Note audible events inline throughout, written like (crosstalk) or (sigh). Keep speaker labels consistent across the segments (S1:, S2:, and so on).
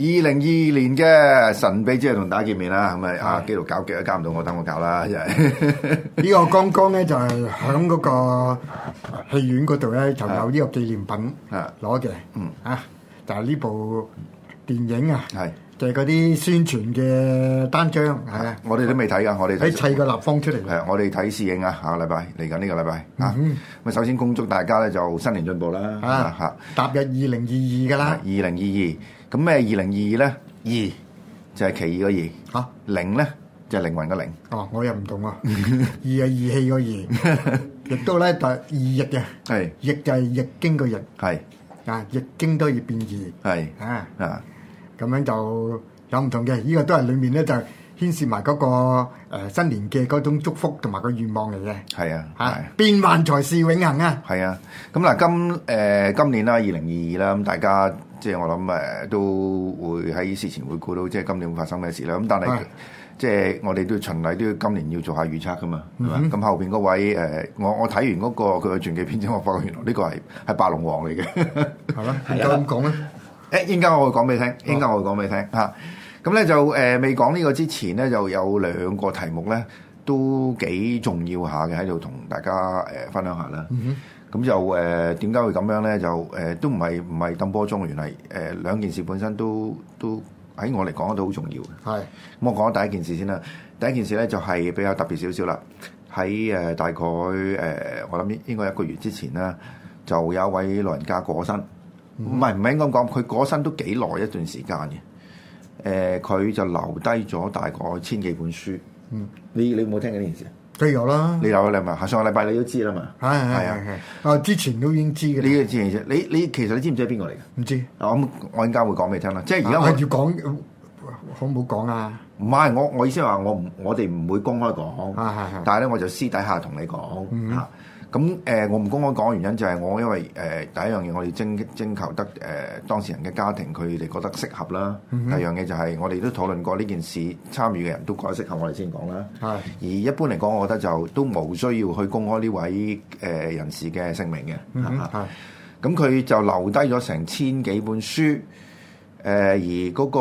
S1: 二零二二年嘅神秘之夜同大家見面啦，咁是啊，阿度搞極都搞唔到，我等我搞啦， (laughs) 個光光呢、
S2: 就是、個剛剛咧就係響嗰個戲院嗰度咧就有呢個紀念品攞嘅，是啊，但係呢部電影啊，係嘅嗰啲宣傳嘅單張
S1: 係啊，我哋都未睇噶，我哋喺砌個立方出嚟，係我哋睇試映啊，下個禮拜嚟緊呢個禮拜、嗯、啊，
S2: 咁
S1: 啊首先恭祝大家咧就新年進步啦，吓、啊啊、踏入二零二二噶啦，二零二二。咁咩？二零二二咧，二就係奇異個二嚇，啊、零咧就係、是、靈魂個零。
S2: 哦，我又唔同喎，二係義氣個二，亦都咧就二易嘅，亦就係易經個易。係啊，易經都易變二。係是啊，咁、啊、樣就有唔同嘅，依、這個都係裡面咧就是。牽涉埋嗰個誒新年嘅嗰種祝福同埋個願望嚟嘅，係啊
S1: 嚇，
S2: 變幻才是永恆啊！
S1: 係啊，咁嗱今誒今年啦，二零二二啦，咁大家即係我諗誒都會喺事前會估到，即係今年會發生咩事啦。咁但係即係我哋都循例都要今年要做下預測噶嘛。咁後邊嗰位誒，我我睇完嗰個佢嘅傳記片之後，發覺原來呢個係係白龍王嚟嘅，
S3: 係咪？應該咁
S1: 講呢？誒，應該我會講俾你聽，應該我會講俾你聽嚇。咁咧就誒未、呃、講呢個之前咧，就有兩個題目咧都幾重要下嘅，喺度同大家誒、呃、分享下啦。咁、mm hmm. 就誒點解會咁樣咧？就誒、呃、都唔係唔係抌波鐘。原來誒、呃、兩件事本身都都喺我嚟講都好重要嘅。係、mm。咁、hmm. 我講第一件事先啦。第一件事咧就係、是、比較特別少少啦。喺誒、呃、大概誒、呃、我諗應該一個月之前啦，就有位老人家過身。唔係唔係應該講佢過身都幾耐一段時間嘅。誒佢、呃、就留低咗大概千幾本書，嗯，你你有冇聽緊呢件事？梗
S2: 係有啦，
S1: 你有啦，你係咪？上個禮拜你都知啦嘛，
S2: 係係係，是是
S1: 是啊，之前都已經知嘅。呢件事，你你其實你知唔知係邊個嚟？唔知我，我我陣間會講俾你聽啦，即係而家我係要
S2: 講，
S1: 好唔好講啊？唔係、啊，我我意思話，我唔我哋唔會公開講，是是是是但係咧我就私底下同你講嚇。嗯嗯咁誒、呃，我唔公開講嘅原因就係我因為誒、呃、第一樣嘢，我哋徵徵求得誒、呃、當事人嘅家庭佢哋覺得適合啦。嗯、哼第二樣嘢就係我哋都討論過呢件事，參與嘅人都覺得適合，我哋先講啦。係的。而一般嚟講，我覺得就都冇需要去公開呢位誒、呃、人士嘅姓名嘅。係。咁佢就留低咗成千幾本書。誒、呃，而嗰、那個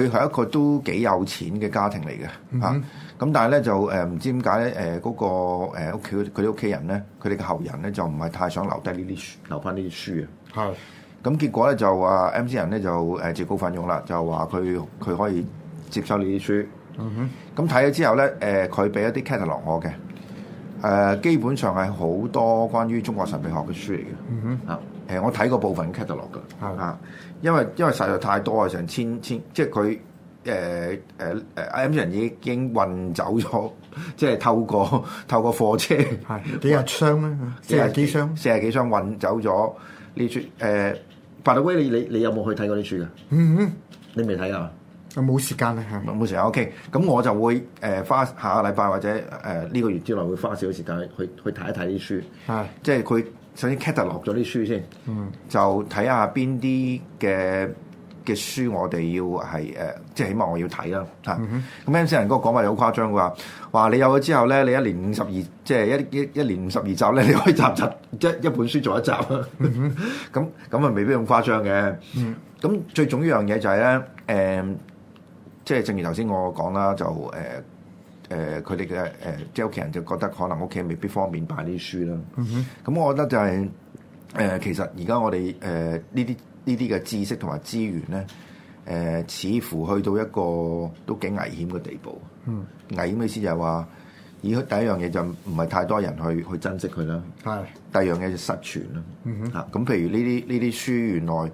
S1: 佢係一個都幾有錢嘅家庭嚟嘅。啊、嗯咁、嗯、但係咧就誒唔、呃、知點解咧誒嗰個屋企佢啲屋企人咧，佢哋嘅後人咧就唔係太想留低呢啲書，留翻呢啲書啊。係的。咁結果咧就話 M C 人咧就誒自告奮勇啦，就話佢佢可以接收呢啲書。咁睇咗之後咧，誒佢俾一啲 catalog 我嘅，誒、呃、基本上係好多關於中國神秘學嘅書嚟嘅。嗯、哼啊。誒、呃、我睇過部分 catalog、嗯哼啊、因為因為實在太多啊，成千千,千即係佢。誒誒誒 a m a 已經運走咗，即係透過透過貨車幾廿
S3: 箱啦，四十或幾
S1: 箱四十幾箱運走咗呢、uh, 處。誒，by the way 你你有冇去睇過啲書嘅？嗯，你未睇啊？冇時間啊，冇時間 OK。咁我就會誒花、呃、下個禮拜或者誒呢、呃這個月之內會花少少時間去去睇一睇啲書。係是的，即係佢首先 catalog 咗啲書先嗯書。嗯，就睇下邊啲嘅。嘅書我哋要係誒、呃，即係起碼我要睇啦嚇。咁、mm hmm. M 先生嗰個講話又好誇張嘅話，話你有咗之後咧，你一年五十二，即係一一年五十二集咧，你可以集集即係一本書做一集。
S3: 咁
S1: 咁啊，hmm. (laughs) 未必咁誇張嘅。咁、mm hmm. 最重要一樣嘢就係、是、咧，誒、呃，即係正如頭先我講啦，就誒誒，佢哋嘅誒，即係屋企人就覺得可能屋企未必方便擺啲書啦。
S3: 咁、
S1: mm hmm. 我覺得就係、是、誒、呃，其實而家我哋誒呢啲。呃呃呃呢啲嘅知識同埋資源咧，誒、呃、似乎去到一個都幾危險嘅地步。嗯，危險嘅意思就係話，而第一樣嘢就唔係太多人去、嗯、去珍惜佢啦。係，是的 第二樣嘢就失傳啦。嗯、哼、啊，嚇，咁譬如呢啲呢啲書原來誒、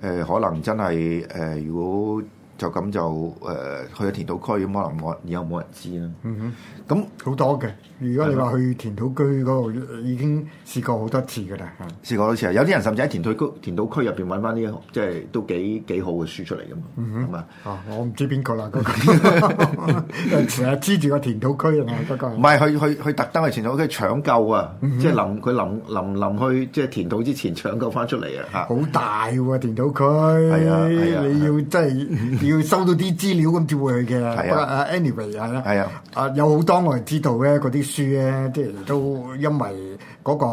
S1: 呃、可能真係誒、呃、如果。就咁就誒去咗填土區咁，可能我以後冇人知啦。咁
S2: 好、mm hmm. 那多嘅。如果你話去填土區嗰度的已經試過好多次噶啦，
S1: 的試過好多次啊！有啲人甚至喺填土， (laughs) (laughs) 土區、填 (laughs) (laughs) 土區入邊揾翻啲即係都幾幾好嘅書出嚟噶嘛。係
S2: 嘛？我唔知邊個啦嗰個，成日黐住個填土區啊嘛。個。唔係，去去
S1: 去特登去填土區搶救啊！Mm hmm. 即係臨佢臨臨臨去即係
S2: 填土之前
S1: 搶救翻出嚟啊！嚇、mm，好大
S2: 喎填土區。係啊，你要真係佢收到啲資料咁調去嘅，不啊，anyway 係啦、啊，啊有好多我哋知道咧，嗰啲書咧，即係都因為嗰個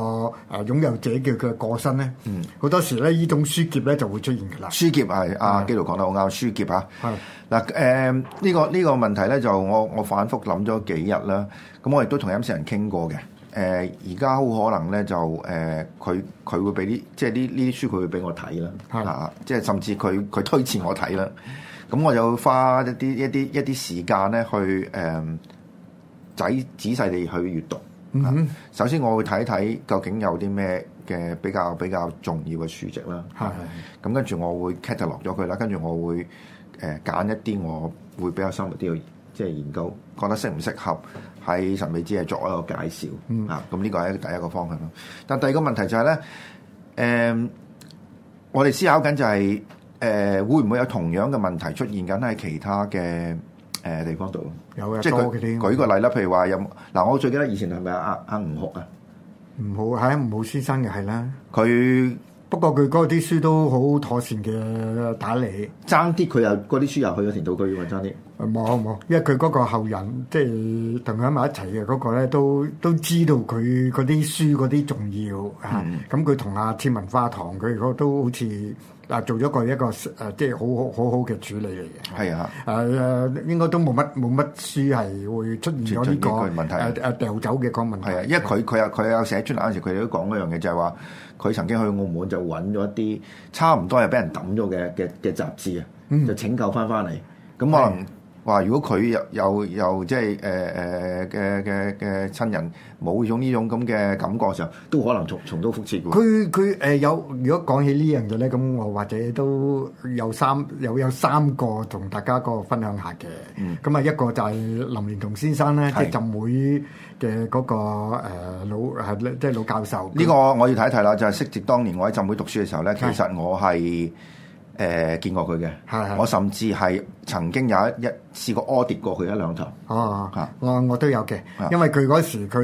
S2: 啊擁有者叫佢過身咧，好、嗯、多時咧呢種書夾咧就會出現㗎
S1: 啦。書夾係啊，紀陶講得好啱，啊、書夾嚇、啊。嗱誒、啊，呢、啊呢個呢、呢個問題咧，就我我反覆諗咗幾日啦。咁、啊、我亦都同啱食人傾過嘅。誒而家好可能咧，就誒佢佢會俾啲即係呢呢啲書佢會俾我睇啦。係、啊、即係甚至佢佢推薦我睇啦。 (noise) 咁我就花一啲一啲一啲時間咧，去誒、呃、仔仔細地去閱讀。Mm hmm. 首先，我會睇睇究竟有啲咩嘅比較比較重要嘅書籍啦。咁、mm hmm. 跟住我會 catalog 咗佢啦，跟住我會誒揀、呃、一啲我會比較深入啲嘅即係研究，mm hmm. 覺得適唔適合喺神秘之夜作一個介紹啊。咁呢、mm hmm. 嗯這個係第一個方向咯。但第二個問題就係、是、咧，誒、呃、我哋思考緊就係、是。誒、呃、會唔會有同樣嘅問題出現緊喺其他嘅誒、呃、地方度？
S2: 有啊日，即係
S1: 舉舉個例啦，譬如話有嗱，我最記得以前係咪阿阿吳昊啊？
S2: 吳昊係啊，吳、哎、昊先生嘅係啦。佢他不過佢嗰啲書都好妥善嘅打理，爭啲佢又嗰啲書又去咗田道居揾爭啲。冇冇，因為佢嗰個後人，即係同佢喺埋一齊嘅嗰個咧，都都知道佢嗰啲書嗰啲重要嚇。咁佢同阿天文化堂，佢都好似啊做咗個一個誒、啊，即係好好好好嘅處理嚟嘅。係的啊，誒應該都冇乜冇乜書係會出現咗呢、這個啊、個問題，誒誒掉走嘅個問題。啊，因為
S1: 佢佢有佢有寫出嚟嗰時，佢都講嗰樣嘢就係話，佢曾經去澳門就揾咗一啲差唔多又俾人抌咗嘅嘅嘅雜誌啊，嗯、就拯救翻翻嚟。咁可能。話如果佢又又又即係誒誒嘅嘅嘅親人冇種呢種咁嘅感覺上，都可能重重蹈覆轍嘅。佢
S2: 佢誒有，如果講起呢樣嘢咧，咁我或者都有三有有三個同大家個分享下嘅。咁啊，一個就係林連同先生咧，即係浸會嘅嗰個誒老係即係老教授。呢個
S1: 我要睇一睇啦，就係昔時當年我喺浸會讀書嘅時候咧，其實我係誒見過佢嘅。係係，我甚至係。曾經有一一試過屙跌過去一兩層。
S2: 哦、啊，我係、啊、我都有嘅，因為佢嗰時佢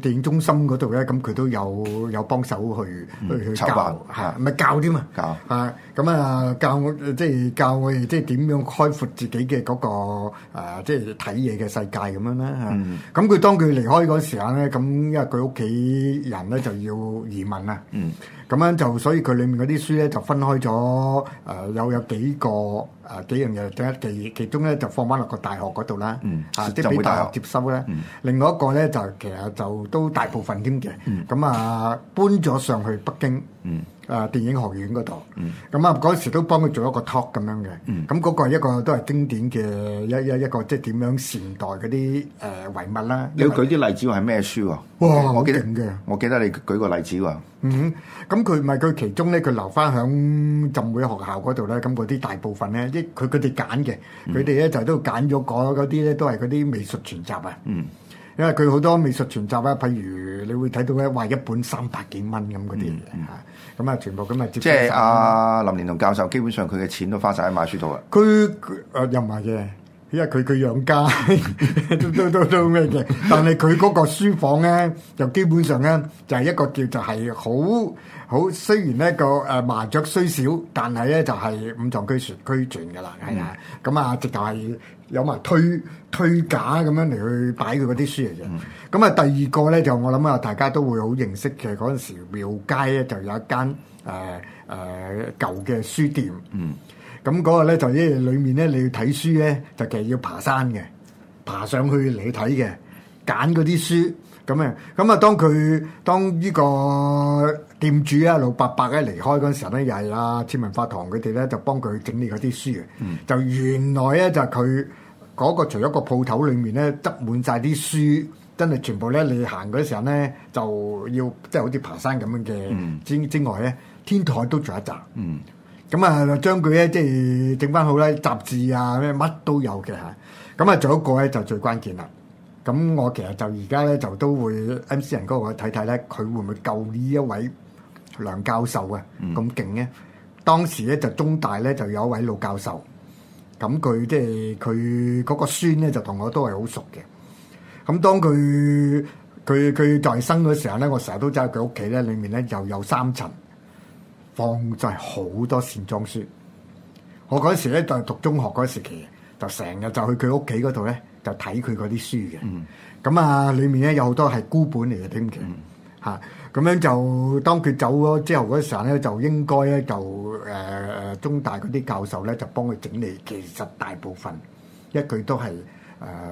S2: 電影中心嗰度咧，咁佢都有有幫手去去、嗯、去教嚇，唔係霸、啊、教添嘛。教嚇咁啊，教我即係教我哋即係點樣開闊自己嘅嗰、嗰個、啊、即係睇嘢嘅世界咁樣啦。咁、啊、佢、嗯、當佢離開嗰時間咧，咁因為佢屋企人咧就要移民啊。咁樣、嗯、就所以佢裡面嗰啲書咧就分開咗，誒、呃、有有幾個。啊，幾樣嘢，第一其其中咧就放翻落個大學嗰度啦，
S3: 嚇、嗯啊、即係俾大學
S2: 接收咧。另外一個咧就其實就都大部分添嘅，咁、嗯、啊搬咗上去北京。嗯誒、啊、電影學院嗰度，咁、嗯、啊嗰時都幫佢做一個 talk 咁樣嘅，咁嗰、嗯、個一個都係經典嘅一一一,一個，即係點樣善待嗰啲誒遺物啦。你要舉啲
S1: 例子係咩書喎、啊？哇！
S2: 我記得嘅，
S1: 我記得你舉個例子喎、
S2: 啊。嗯，咁佢唔係佢其中咧，佢留翻響浸會學校嗰度咧，咁嗰啲大部分咧，啲佢佢哋揀嘅，佢哋咧就都揀咗嗰啲咧，都係嗰啲美術全集啊。嗯，因為佢好多美術全集啊，譬如你會睇到咧，話一本三百幾蚊咁嗰啲嚇。嗯嗯嗯咁是啊，全部咁啊，即係
S1: 阿林連同教授，基本上佢嘅錢都花晒喺買書度啦。
S2: 佢誒、啊、又唔係嘅，因為佢佢養家都都都咩嘅。但係佢嗰個書房咧、啊，就基本上咧、啊、就係、是、一個叫就係好好，雖然咧，那個誒、啊、麻雀雖小，但係咧就係、是、五臟俱全，俱全噶啦，係啊。咁啊，直頭係。有埋推推架咁樣嚟去擺佢嗰啲書嚟嘅。咁啊、嗯、第二個咧就我諗啊大家都會好認識嘅，嗰陣時廟街咧就有一間誒誒、呃呃、舊嘅書店，咁嗰、嗯、個咧就因為裡面咧你要睇書咧就其實要爬山嘅，爬上去嚟睇嘅，揀嗰啲書咁啊咁啊當佢當呢、呢個。店主啊，老伯伯咧離開嗰陣時候咧，又係啦，天文法堂佢哋咧就幫佢整理嗰啲書嘅，嗯、就原來咧就佢嗰個除咗個鋪頭裏面咧，執滿晒啲書，真係全部咧你行嗰時候咧，就要即係、就是、好似爬山咁樣嘅之、嗯、之外咧，天台都仲有一集，咁、嗯、啊將佢咧即係整翻好啦，雜誌啊咩乜都有嘅嚇，咁啊仲有一個咧就最關鍵啦，咁我其實就而家咧就都會 M C 人嗰度睇睇咧，佢會唔會救呢一位？梁教授啊，咁勁咧，當時咧就中大咧就有一位老教授，咁佢即係佢嗰個孫咧就同我都係好熟嘅。咁當佢佢佢在生嘅時候咧，我成日都走喺佢屋企咧，裡面咧又有三層，放咗係好多線裝書。我嗰時咧就讀中學嗰時期，就成日就去佢屋企嗰度咧，就睇佢嗰啲書嘅。咁啊，裡面咧有好多係孤本嚟嘅添嘅嚇。咁樣就當佢走咗之後嗰陣咧，就應該咧就誒誒、呃、中大嗰啲教授咧就幫佢整理，其實大部分一句都係誒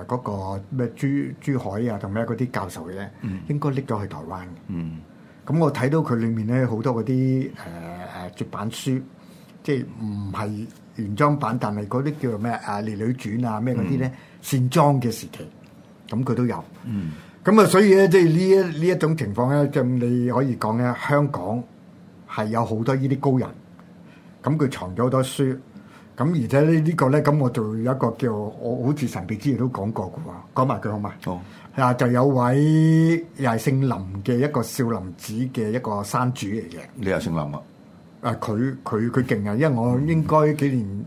S2: 嗰個咩珠珠海啊同咩嗰啲教授嘅，嗯、應該拎咗去台灣嘅。嗯，咁我睇到佢裡面咧好多嗰啲誒誒絕版書，即係唔係原裝版，但係嗰啲叫做咩啊《烈女傳》啊咩嗰啲咧，嗯、線裝嘅時期，咁佢都有。嗯。咁啊、嗯，所以咧，即係呢一呢一種情況咧，就你可以講咧，香港係有好多呢啲高人，咁佢藏咗好多書，咁而且呢、這、呢個咧，咁我就有一個叫我好似神秘之夜都講過嘅話，講埋佢好嘛？好？嗱、哦、就有位又係姓林嘅一個少林寺嘅一個山主嚟嘅。你又姓林啊？啊，佢佢佢勁啊！因為我應該幾年，誒、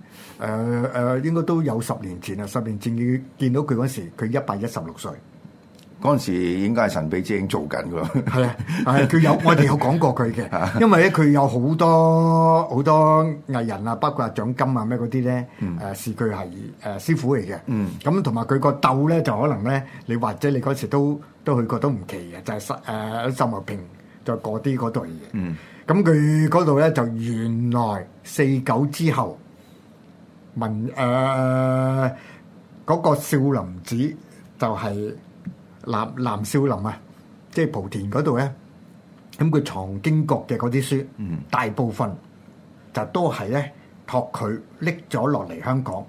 S2: 呃、誒，應該都有十年前啦，十年前見見到佢嗰時，佢一百一十六歲。
S1: 嗰陣時應該係神秘之夜做緊噶咯，啊，
S2: 係佢、啊、有我哋有
S1: 講過佢嘅，
S2: 因為咧佢有好多好多藝人啊，包括獎金啊咩嗰啲咧，誒、呃、是佢係誒師傅嚟嘅，咁同埋佢個竇咧就可能咧，你或者你嗰時都都去過都唔奇嘅，就係誒心無平就過啲嗰度嘢，咁佢嗰度咧就原來四九之後文誒嗰、呃那個少林寺就係、是。南南少林啊，即係莆田嗰度咧，咁佢藏經閣嘅嗰啲書，嗯、大部分就都係咧託佢拎咗落嚟香港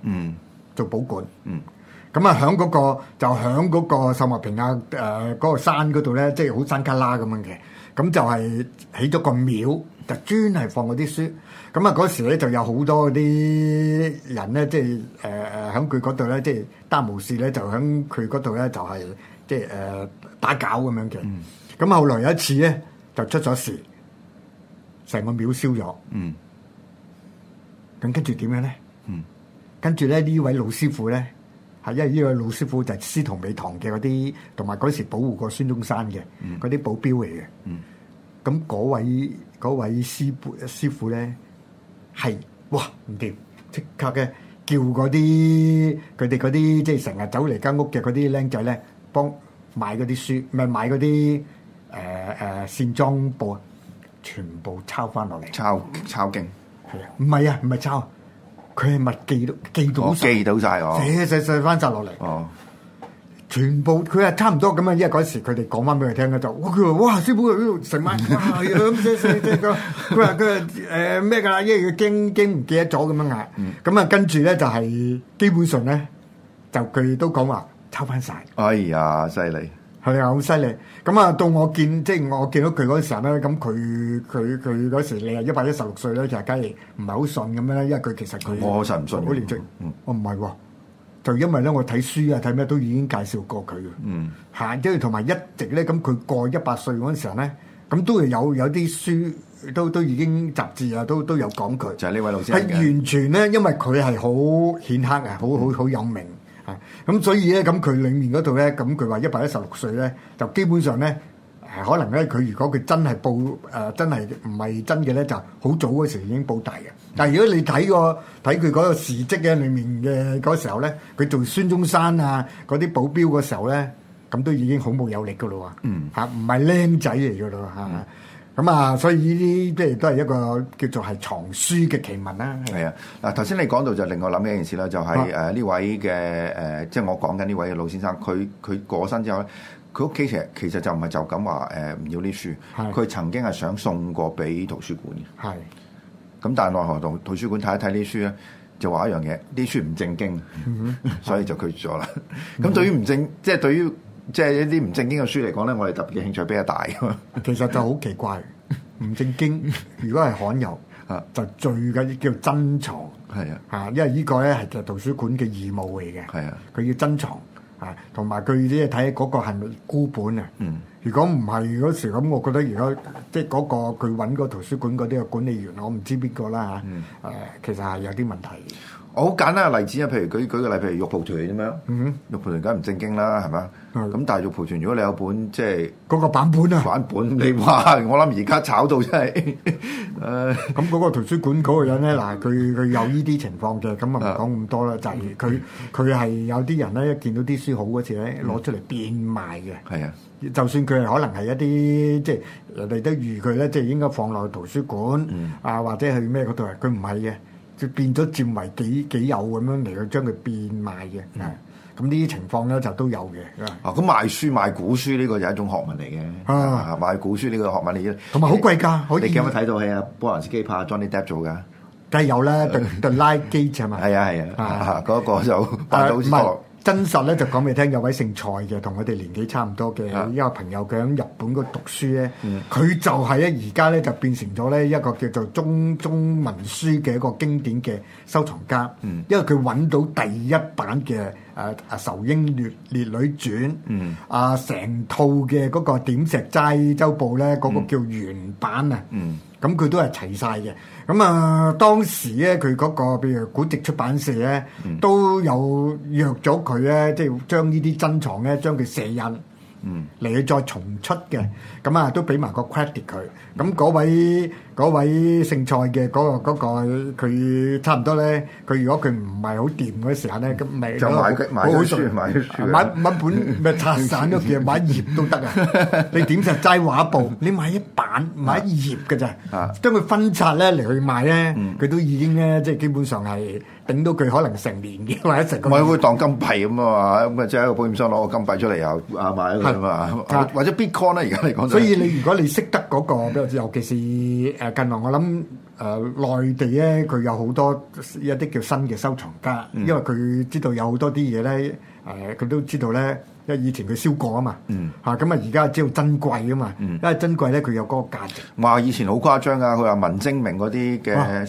S2: 做，做保管。咁、
S3: 嗯、
S2: 啊，響嗰、嗰個就響嗰個秀茂坪啊，誒、呃、嗰、嗰個山嗰度咧，即係好山旮旯咁樣嘅，咁就係起咗個廟，就專係放嗰啲書。咁啊，嗰時咧就有好多啲人咧，即係誒喺佢嗰度咧，即係丹毛事咧，就喺佢嗰度咧就係、係就係。即係誒、呃、打攪咁樣嘅，咁、嗯、後來有一次咧就出咗事，成個廟燒咗。
S3: 嗯，
S2: 咁跟住點樣咧？嗯，跟住咧呢位老師傅咧，係因為呢位老師傅就係司徒美堂嘅嗰啲，同埋嗰時保護過孫中山嘅嗰啲保鏢嚟嘅。嗯，咁嗰位嗰位、嗰位師、師傅咧係，哇唔掂，即刻嘅叫嗰啲佢哋嗰啲即係成日走嚟間屋嘅嗰啲僆仔咧。買嗰啲書，唔買嗰啲誒誒線裝本，全部抄翻落嚟，抄抄經，
S3: 係
S2: 啊，唔係啊，唔係抄，佢係咪記記到，記到晒，寫寫寫翻晒落嚟，哦，全部佢係差唔多咁啊！因係嗰時佢哋講翻俾佢聽咧，就哇哇師傅喺度成晚，係咁寫寫寫個，佢話佢話誒咩噶啦，因為佢驚驚唔記得咗咁樣嗌。」咁啊跟住咧就係基本上咧，就佢都講話。收翻曬！
S1: 哎呀，犀利，
S2: 係啊，好犀利。咁啊，到我見，即係我見到佢嗰時咧，咁佢佢佢嗰時你啊，一百一十六歲咧，就係梗係唔係好信咁咧？因為佢其實佢我實唔信，好年長，我唔係喎，就因為咧我睇書啊睇咩都已經介紹過佢嘅，嗯，嚇，跟住同埋一直咧，咁佢過一百歲嗰陣時咧，咁都有有啲書都都已經雜誌啊都都有講佢，就係呢位老師，係完全咧，因為佢係好顯赫啊，好好好有名。咁所以咧，咁佢裏面嗰度咧，咁佢話一百一十六歲咧，就基本上咧，誒可能咧，佢如果佢真係報誒、呃、真係唔係真嘅咧，就好早嗰時候已經報大嘅。但係如果你睇個睇佢嗰個事蹟嘅裡面嘅嗰時候咧，佢做孫中山啊嗰啲保鏢嘅時候咧，咁都已經好冇有力噶咯喎，嚇唔係靚仔嚟噶咯嚇。啊咁啊，所以呢啲即係都係一個叫做係藏書嘅奇聞啦。係啊，嗱頭先你講到就令我諗起一件
S1: 事啦、就係，就係誒呢位嘅誒、呃，即係我講緊呢位嘅老先生，佢佢過身之後咧，佢屋企其實其實就唔係就咁話誒唔要啲書，佢是的 曾經係想送過俾圖書館嘅。係。咁但係奈何同圖書館睇一睇呢書咧，就話一樣嘢，啲書唔正經，嗯
S3: 嗯
S1: (laughs) 所以就拒絕咗啦。咁 (laughs) 對於唔正，即係對於。即係一啲唔正經嘅書嚟講咧，我哋特別嘅興趣比較大嘅
S2: (laughs) 其實就好奇怪，唔正經，如果係罕有啊，就最緊要叫珍藏。係啊的，嚇，因為呢個咧係就圖書館嘅義務嚟嘅。係啊的，佢要珍藏啊，同埋佢啲睇嗰個係咪孤本啊？嗯。如果唔係嗰時咁，我覺得如果即係嗰個佢揾個圖書館嗰啲嘅管理員，我唔知邊個啦嚇。嗯、呃。其實係有啲問題。我好簡單
S1: 嘅例子啊，譬如舉舉個例，譬如玉蒲團咁樣，嗯、哼玉蒲團梗唔正經啦，係嘛？咁是但係玉蒲
S2: 團，如果你有本即係嗰個版本啊，版本你話我諗而家炒到真係，咁、哎、嗰個圖書館嗰個人咧，嗱，佢佢有呢啲情況嘅，咁啊唔講咁多啦。就係佢佢係有啲人咧，一見到啲書好嗰次咧，攞出嚟變賣嘅。係啊，就算佢係可能係一啲即係嚟得如佢咧，即、就、係、是、應該放落去圖書館啊，或者去咩嗰度啊，佢唔係嘅。就變咗佔為己己有咁樣嚟去將佢變賣嘅，咁呢啲情況咧就都有嘅。啊，咁賣書賣
S1: 古書呢個就係一種學問嚟嘅。啊，啊，賣古書呢個學問嚟嘅，同埋好貴㗎，好。你有冇睇
S2: 到係阿波蘭斯基拍阿 Johnny Depp 做㗎？梗係有啦，The The Ninth Gate 啊。係咪？係啊係啊，嗰個就、 (laughs) 啊啊啊啊啊啊啊啊真實咧就講俾你聽，有位姓蔡嘅，同我哋年紀差唔多嘅一個朋友，佢喺日本嗰讀書咧，佢、嗯、就係咧而家咧就變成咗咧一個叫做中中文書嘅一個經典嘅收藏家，嗯、因為佢揾到第一版嘅。誒誒，啊《仇英烈烈女傳》，嗯，啊，成套嘅嗰個《點石齋周報》呢咧，嗰個叫原版、嗯、啊，嗯，咁佢都係齊晒嘅。咁啊，當時咧，佢嗰、嗰個譬如古籍出版社咧，嗯、都有約咗佢咧，即、就、係、是、將呢啲珍藏咧，將佢射印。嚟去、嗯、再重出嘅，咁啊都俾埋個 credit 佢。咁嗰、嗯、位嗰位姓蔡嘅嗰個佢、那個、差唔多咧，佢如果佢唔係好掂嗰啲時間咧，咁、那、咪、個、就買嘅買書買買本咪拆散都得，買， (laughs) 買一頁都得啊！你點就齋畫布，你買一版買一頁嘅咋？將佢分拆咧嚟去賣咧，佢都已經咧即係基本上係。頂到佢可能成年嘅，或者成，咪會
S1: 當金幣咁啊嘛，咁啊即係一個保險箱攞個金幣出嚟又啊買㗎嘛，或者 Bitcoin 咧而家嚟講，所以你如
S2: 果你識得嗰個，尤其是誒近來我諗誒內地咧，佢有好多一啲叫新嘅收藏家，因為佢知道有好多啲嘢咧，誒佢都知道咧，因為以前佢燒過啊嘛，嚇咁啊而家知道珍貴啊嘛，因為珍貴咧佢有嗰個價
S1: 值。話以前好誇張啊，佢話文徵明嗰啲嘅。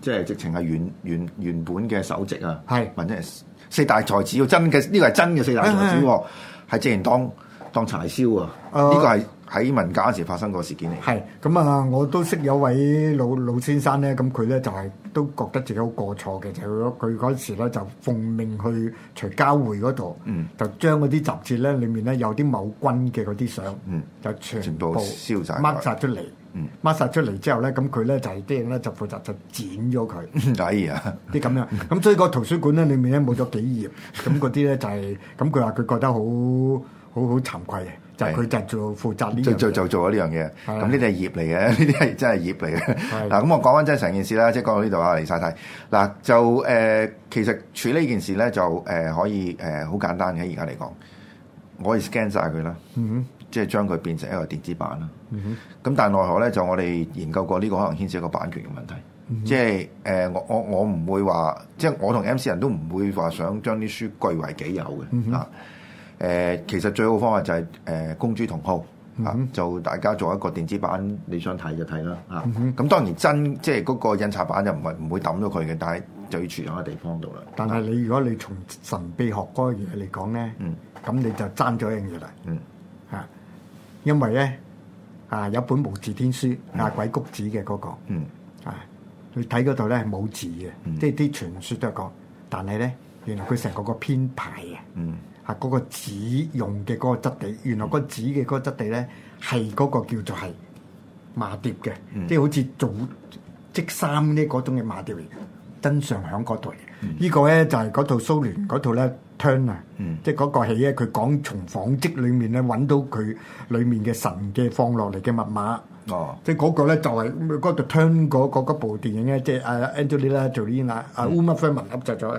S1: 即係直情係原原原本嘅首席啊，或者係四大才子，要真嘅呢個係真嘅四大才子喎，啊，係竟然當
S2: 當柴燒啊！呢個係喺文革時發生過事件嚟。係咁啊！我都識有位老老先生咧，咁佢咧就係、是、都覺得自己好過錯嘅，就佢嗰佢嗰時咧就奉命去徐家匯嗰度，嗯、就將嗰啲雜誌咧裏面咧有啲某軍嘅嗰啲相，嗯、就全部，全部燒晒，掹晒出嚟。抹殺、嗯、出嚟之後咧，咁佢咧就係釘咧，就負責就剪咗佢。抵啊！哎呀！啲咁樣咁，所以個圖書館咧裏面咧冇咗幾頁，咁嗰啲咧就係、是、咁。佢話佢覺得好好好慚愧嘅，就佢、是、就做負責呢就、
S1: 嗯、做咗呢樣嘢。咁呢啲係頁嚟嘅，呢啲係真係頁嚟嘅。嗱是的、啊，咁我講翻真係成件事啦，即係講到呢度啊，嚟晒睇。嗱，就誒，其實處理呢件事咧，就誒、呃、可以誒好、呃、簡單嘅，而家嚟講。我可以 scan 曬佢啦，即係將佢變成一個電子版啦。咁、嗯、哼但係奈何咧，就我哋研究過呢個可能牽涉一個版權嘅問題。嗯、哼即係誒、呃，我我我唔會話，即係我同 MC 人都唔會話想將啲書據為己有嘅、嗯、哼啊。誒，其實最好方法就係、是、誒、呃、公諸同好啊，就大家做一個電子版，嗯、哼你想睇就睇啦啊。咁、嗯、哼當然真即係嗰個印刷版就唔係唔會抌咗佢嘅，但係。就住喺個地方度啦。
S2: 但係你如果你從神秘學嗰個嘢嚟講咧，咁、嗯、你就爭咗一樣嘢啦。嚇、嗯，因為咧，啊，有本無字天書，啊、嗯、鬼谷子嘅嗰、嗰個，嚇，你睇嗰度咧係冇字嘅，嗯、即係啲傳説都係講，但係咧，原來佢成個個編排、嗯、啊，嚇、嗰、嗰個紙用嘅嗰個質地，原來嗰紙嘅嗰個質地咧係嗰個叫做係麻織嘅，嗯、即係好似做織衫呢嗰種嘅麻織嚟嘅。真相喺嗰度，呢個咧就係嗰套蘇聯嗰套咧 turn 啊，即係嗰個戲咧，佢講從紡織裡面咧揾到佢裡面嘅神嘅放落嚟嘅密碼。哦，即係嗰個咧就係嗰度 turn 嗰部電影咧，即係啊 Angelina Jolie 啊 Morgan Freeman 合作咗，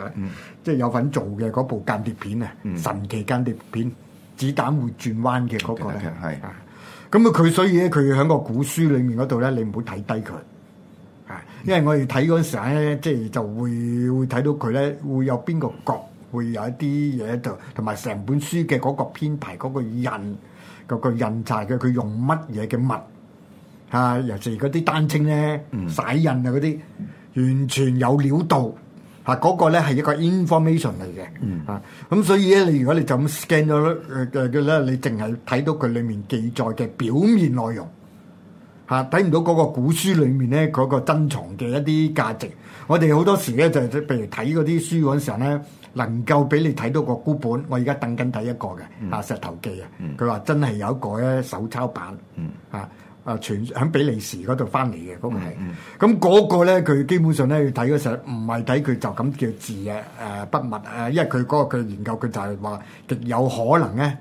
S2: 即係有份做嘅嗰部間諜片啊，神奇間諜片，子彈會轉彎嘅嗰個咧，係咁啊佢所以咧，佢喺個古書裡面嗰度咧，你唔好睇低佢。因為我哋睇嗰陣時咧，即係就會會睇到佢咧，會有邊個角會有一啲嘢喺度，同埋成本書嘅嗰個編排嗰、嗰個印，嗰、嗰個印材嘅佢用乜嘢嘅物，嚇、啊，尤其是嗰啲單稱咧，洗印啊嗰啲，完全有料到。嚇、啊，嗰、嗰個咧係一個 information 嚟嘅嚇，咁、嗯啊、所以咧，你如果你就咁 scan 咗咧、呃，你淨係睇到佢裡面記載嘅表面內容。嚇、睇唔到嗰個古書裏面咧，嗰、嗰個珍藏嘅一啲價值，我哋好多時咧就係譬如睇嗰啲書嗰陣時候咧，能夠俾你睇到個孤本，我而家等緊睇一個嘅嚇、嗯啊《石頭記》啊、嗯，佢話真係有一個咧手抄版嚇、嗯、啊，傳喺比利時嗰度翻嚟嘅，嗰、嗯嗯、個係咁嗰個咧，佢基本上咧要睇嗰時候唔係睇佢就咁嘅字啊誒筆墨啊，因為佢嗰、嗰個佢研究佢就係話極有可能咧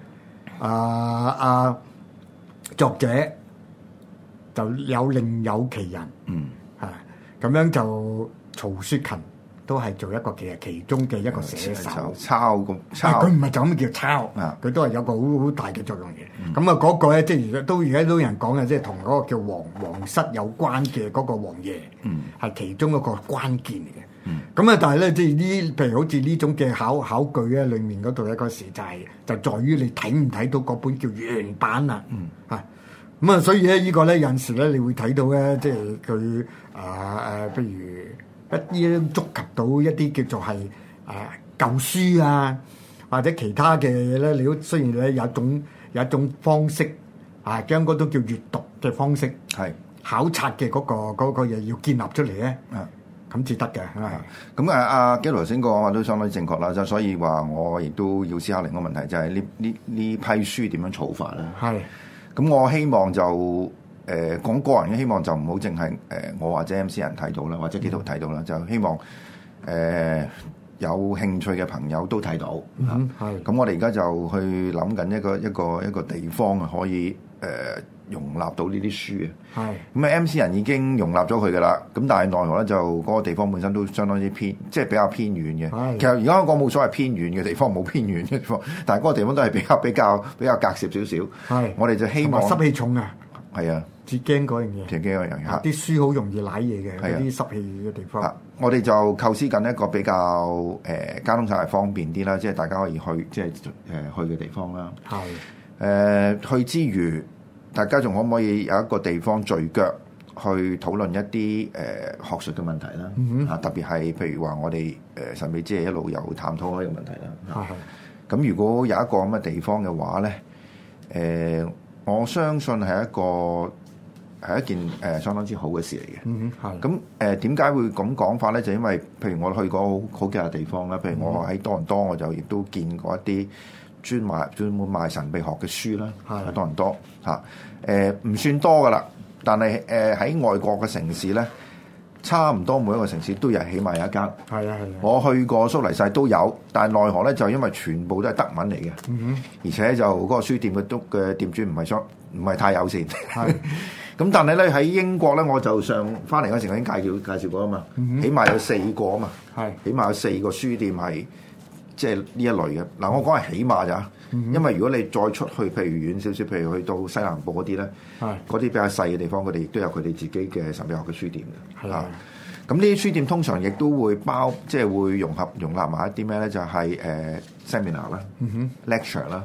S2: 啊啊作者。就有另有其人，嗯，啊，咁樣就曹雪芹都係做一個其實其中嘅一個寫手抄嘅，抄佢唔係就咁叫抄，佢都係有個好好大嘅作用嘅。咁啊嗰個咧，即係都而家都有人講嘅，即係同嗰個叫皇皇室有關嘅嗰個王爺，嗯，係其中一個關鍵嚟嘅。嗯，咁啊、嗯，但係咧即係呢，譬如好似呢種嘅考考據咧，裏面嗰度一個事就係、是、就在於你睇唔睇到嗰本叫原版啦、啊，嗯，啊、嗯。嗯咁啊、 (noise) 嗯，所以咧，依、這個咧，有陣時咧，你會睇到咧，即係佢啊誒，譬如一啲觸及到一啲叫做係誒舊書啊，或者其他嘅嘢咧，你都雖然咧有一種有一種方式啊，將都叫閱讀嘅方式係考察嘅嗰個嘢要建立出嚟咧啊，咁至得嘅。
S1: 咁啊，阿基羅先講話都相當正確啦。就所以話，我亦都要思考另一個問題，就係、是、 (noise) (noise) den See 呢呢呢批書點樣草法咧？係。 (noise) 是咁我希望就誒、呃、講個人嘅希望就唔好淨係誒我或者 MC 人睇到啦，或者呢度睇到啦，就希望誒、呃、有興趣嘅朋友都睇到。係咁、嗯，的我哋而家就去諗緊一個一個一個地方啊，可以誒、呃、容納到呢啲書啊。係咁啊！M C 人已經融合咗佢嘅啦，咁但係內河咧就嗰個地方本身都相當之偏，即係比較偏遠嘅。是的 其實而家香港冇所謂偏遠嘅地方，冇偏遠嘅地方，但係嗰個地方都係比較比較比較隔涉少少。係，是的 我哋就希望濕氣重啊。係的啊，
S2: 最驚嗰樣
S1: 嘢，最驚嗰樣嘢。啲
S2: 書好容易舐嘢嘅，嗰啲的濕氣嘅地方。啊、
S1: 我哋就構思緊一個比較誒交通上係方便啲啦，即係大家可以去，即係誒去嘅地方啦。係誒的、啊、去之餘。大家仲可唔可以有一個地方聚腳去討論一啲誒、呃、學術嘅問題啦？嚇、mm，hmm. 特別係譬如話我哋神秘之夜一路有探討呢個問題啦。咁、mm hmm. 如果有一個咁嘅地方嘅話咧，誒、呃，我相信係一個係一件誒、呃、相當之好嘅事嚟嘅。咁誒點解會咁講法咧？就因為譬如我去過好,好幾笪地方啦，譬如我喺多倫多，我就亦都見過一啲。專賣專門賣神秘學嘅書啦，係是的 多唔多吓？誒、啊、唔算多噶啦，但係誒喺外國嘅城市咧，差唔多每一個城市都有起碼有一間，
S3: 係啊係啊，我
S1: 去過蘇黎世都有，但係奈何咧就因為全部都係德文嚟嘅，嗯、哼 而且就嗰個書店嘅督嘅店主唔係想唔係太友善，係，咁但係咧喺英國咧，我就上翻嚟嗰陣時已經介紹介紹過啊嘛，嗯、哼 起碼有四個啊嘛，係、嗯嗯，起碼有四個書店係是的 個。即係呢一類嘅嗱，我講係起碼咋，因為如果你再出去，譬如遠少少，譬如去到西南部嗰啲咧，嗰啲的比較細嘅地方，佢哋亦都有佢哋自己嘅神秘學嘅書店嘅。的咁呢啲書店通常亦都會包，即係會融合、容納埋一啲咩咧？就係誒 seminar 啦、lecture、呃、啦，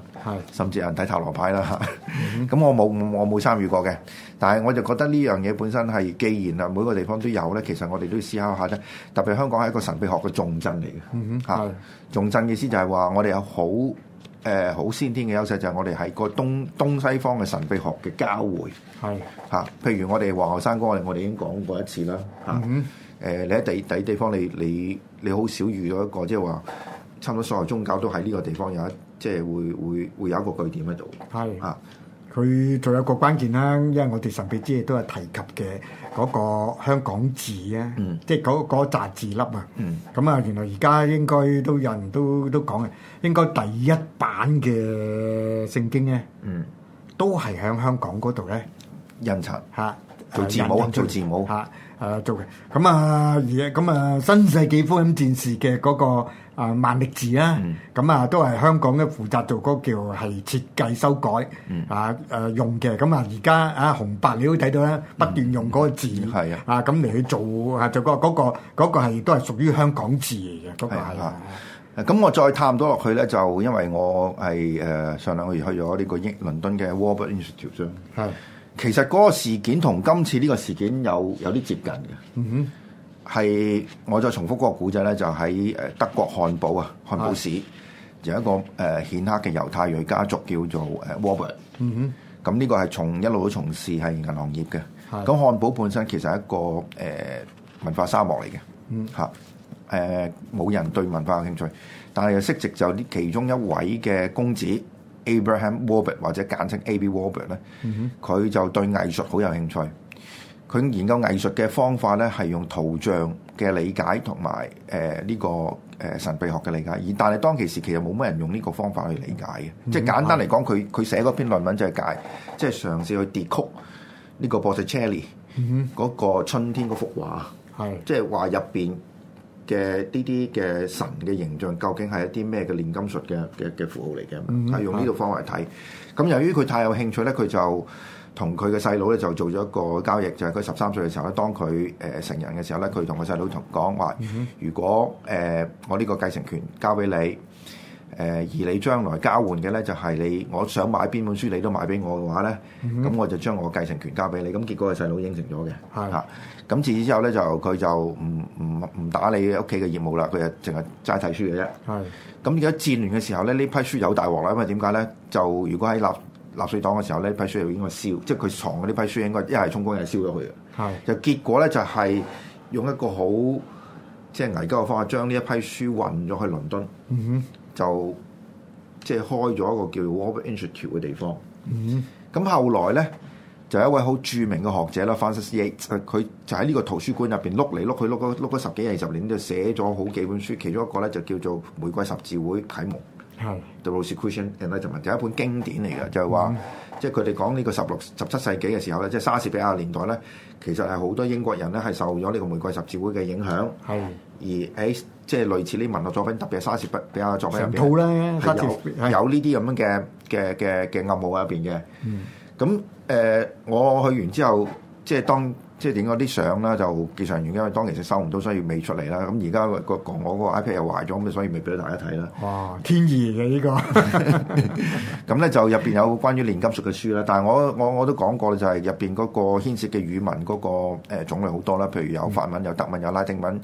S1: 甚至有人睇塔羅牌啦嚇。咁、mm hmm. 嗯、我冇我冇參與過嘅，但係我就覺得呢樣嘢本身係，既然啊每個地方都有咧，其實我哋都要思考下啫。特別香港係一個神秘學嘅重鎮嚟嘅，嚇重鎮意思就係話我哋有好誒好先天嘅優勢，就係、是、我哋係個東東西方嘅神秘學嘅交匯，係、啊、嚇、啊。譬如我哋黃後山哥，我哋我哋已經講過一次啦，嚇、啊。啊啊啊誒、呃，你喺第第地方，你你你好少遇到一個，即係話差唔多所有宗教都喺呢個地方有一，即係會會會有一個據點喺度。
S2: 係是啊，佢仲有一個關鍵啦，因為我哋神秘之夜都係提及嘅嗰個香港字啊，嗯、即係嗰嗰扎字粒啊。嗯。咁啊、嗯，原來而家應該都有人都都講嘅，應該第一版嘅聖經咧、啊，嗯，都係喺香港嗰度咧印製嚇，做字母做字母嚇。誒做嘅，咁啊而誒咁啊新世紀福音戰士嘅嗰個啊萬力字啦、啊，咁、嗯、啊都係香港咧負責做嗰個叫係設計修改、嗯、啊誒用嘅，咁啊而家啊紅白你都睇到啦，不斷用嗰個字，啊咁嚟去做啊，就個嗰個嗰個係都係屬於香港字嚟嘅。嗰個係
S1: 咁我再探多落去咧，就因為我係誒、呃、上兩個月去咗呢個英倫敦嘅 Warburton Institute。其實嗰個事件同今次呢個事件有有啲接近嘅，係、mm hmm. 我再重複嗰個古仔咧，就喺、是、誒德國漢堡啊，漢堡市是有一個誒、呃、顯赫嘅猶太裔家族叫做 w a 誒沃伯，咁呢個係從一路都從事係銀行業嘅。咁是漢堡本身其實係一個誒、呃、文化沙漠嚟嘅，嚇誒冇人對文化有興趣，但係又適值就其中一位嘅公子。Abraham Warburg 或者簡稱 A. B. Warburg 咧，佢就對藝術好有興趣。佢研究藝術嘅方法咧，係用圖像嘅理解同埋誒呢個誒神秘學嘅理解。而但係當其時其實冇乜人用呢個方法去理解嘅。即係簡單嚟講，佢佢寫嗰篇論文就係解，即係嘗試去解曲呢個 Botticelli 嗰個春天嗰幅畫，係即係話入邊。嘅呢啲嘅神嘅形象，究竟係一啲咩嘅煉金術嘅嘅嘅符號嚟嘅？係、mm hmm. 用呢個方法嚟睇。咁由於佢太有興趣咧，佢就同佢嘅細佬咧就做咗一個交易，就係佢十三歲嘅時候咧，當佢誒成人嘅時候咧，佢同個細佬同講話：如果誒、呃、我呢個繼承權交俾你。誒，而你將來交換嘅咧，就係你我想買邊本書，你都買俾我嘅話咧，咁、嗯、哼我就將我嘅繼承權交俾你。咁結果個細佬應承咗嘅，係嚇的。咁自此之後咧，就佢就唔唔唔打理屋企嘅業務啦，佢就淨係齋睇書嘅啫。係的。咁而家戰亂嘅時候咧，呢批書有大鑊啦，因為點解咧？就如果喺納納粹黨嘅時候呢批，就是、批書又應該燒，即係佢藏嗰啲批書應該一係充公，一係燒咗佢。嘅。係。就結果咧，就係用一個好即係危急嘅方法，將呢一批書運咗去倫敦。哼。就即係開咗一個叫 Warburg Institute 嘅地方。咁、mm hmm. 後來咧就有一位好著名嘅學者啦，Francis Yates，佢就喺呢個圖書館入邊碌嚟碌去碌嗰碌嗰十幾二十年，就寫咗好幾本書。其中一個咧就叫做《玫瑰十字會啟蒙》。係、mm hmm. The Rosicrucian，Enlightenment、mm》hmm.。就一本經典嚟嘅，就係、是、話、mm hmm. 即係佢哋講呢個十六、十七世紀嘅時候咧，即係莎士比亞年代咧，其實係好多英國人咧係受咗呢個玫瑰十字會嘅影響。係而誒。Hmm. Mm hmm. 即係類似呢文學作品，特別係莎士比亞比較作品入邊，套呢有呢啲咁樣嘅嘅嘅嘅暗語喺入邊嘅。咁誒、嗯呃，我去完之後，即係當即係影咗啲相啦，就寄上嚟，因為當其時收唔到，所以未出嚟啦。咁而家個我個 iPad 又壞咗，咁啊，所以未俾到大家睇啦。
S3: 哇！
S2: 天兒嘅呢個，
S1: 咁咧 (laughs) (laughs) 就入邊有關於煉金術嘅書啦。但係我我我都講過，就係入邊嗰個牽涉嘅語文嗰個誒種類好多啦，譬如有法文、有德文、有德文、有拉丁文。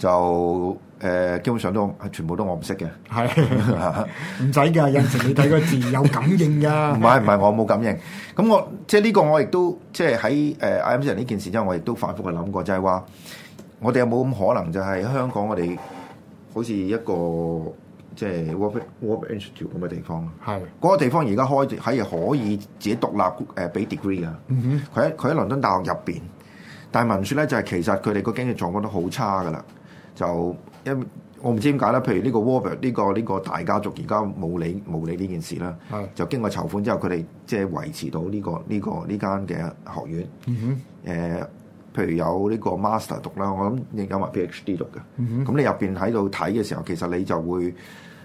S1: 就誒、呃，基本上都係全部都我唔識嘅，
S2: 係唔使㗎。有時你睇個字有感應㗎。 (laughs) 唔係
S1: 唔係，我冇感應。咁我即係呢個我，我亦都即係喺誒 I M 人呢件事之後，我亦都反覆去諗過就，就係話我哋有冇咁可能，就係香港我哋好似一個即係 Warburg Warburg Institute 咁嘅地方。係嗰的個地方而家開喺可以自己獨立誒俾 degree 㗎。佢喺佢喺倫敦大學入邊，但係聞說咧就係、是、其實佢哋個經濟狀況都好差㗎啦。就因我唔知點解咧，譬如呢個 Warber 呢個呢、呢個大家族而家冇理冇理呢件事啦，的就經過籌款之後，佢哋即係維持到呢、呢個呢、呢個呢間嘅學院。誒、嗯哼呃，譬如有呢個 master 讀啦，我諗亦有埋 PhD 讀嘅。咁、嗯、哼你入邊喺度睇嘅時候，其實你就會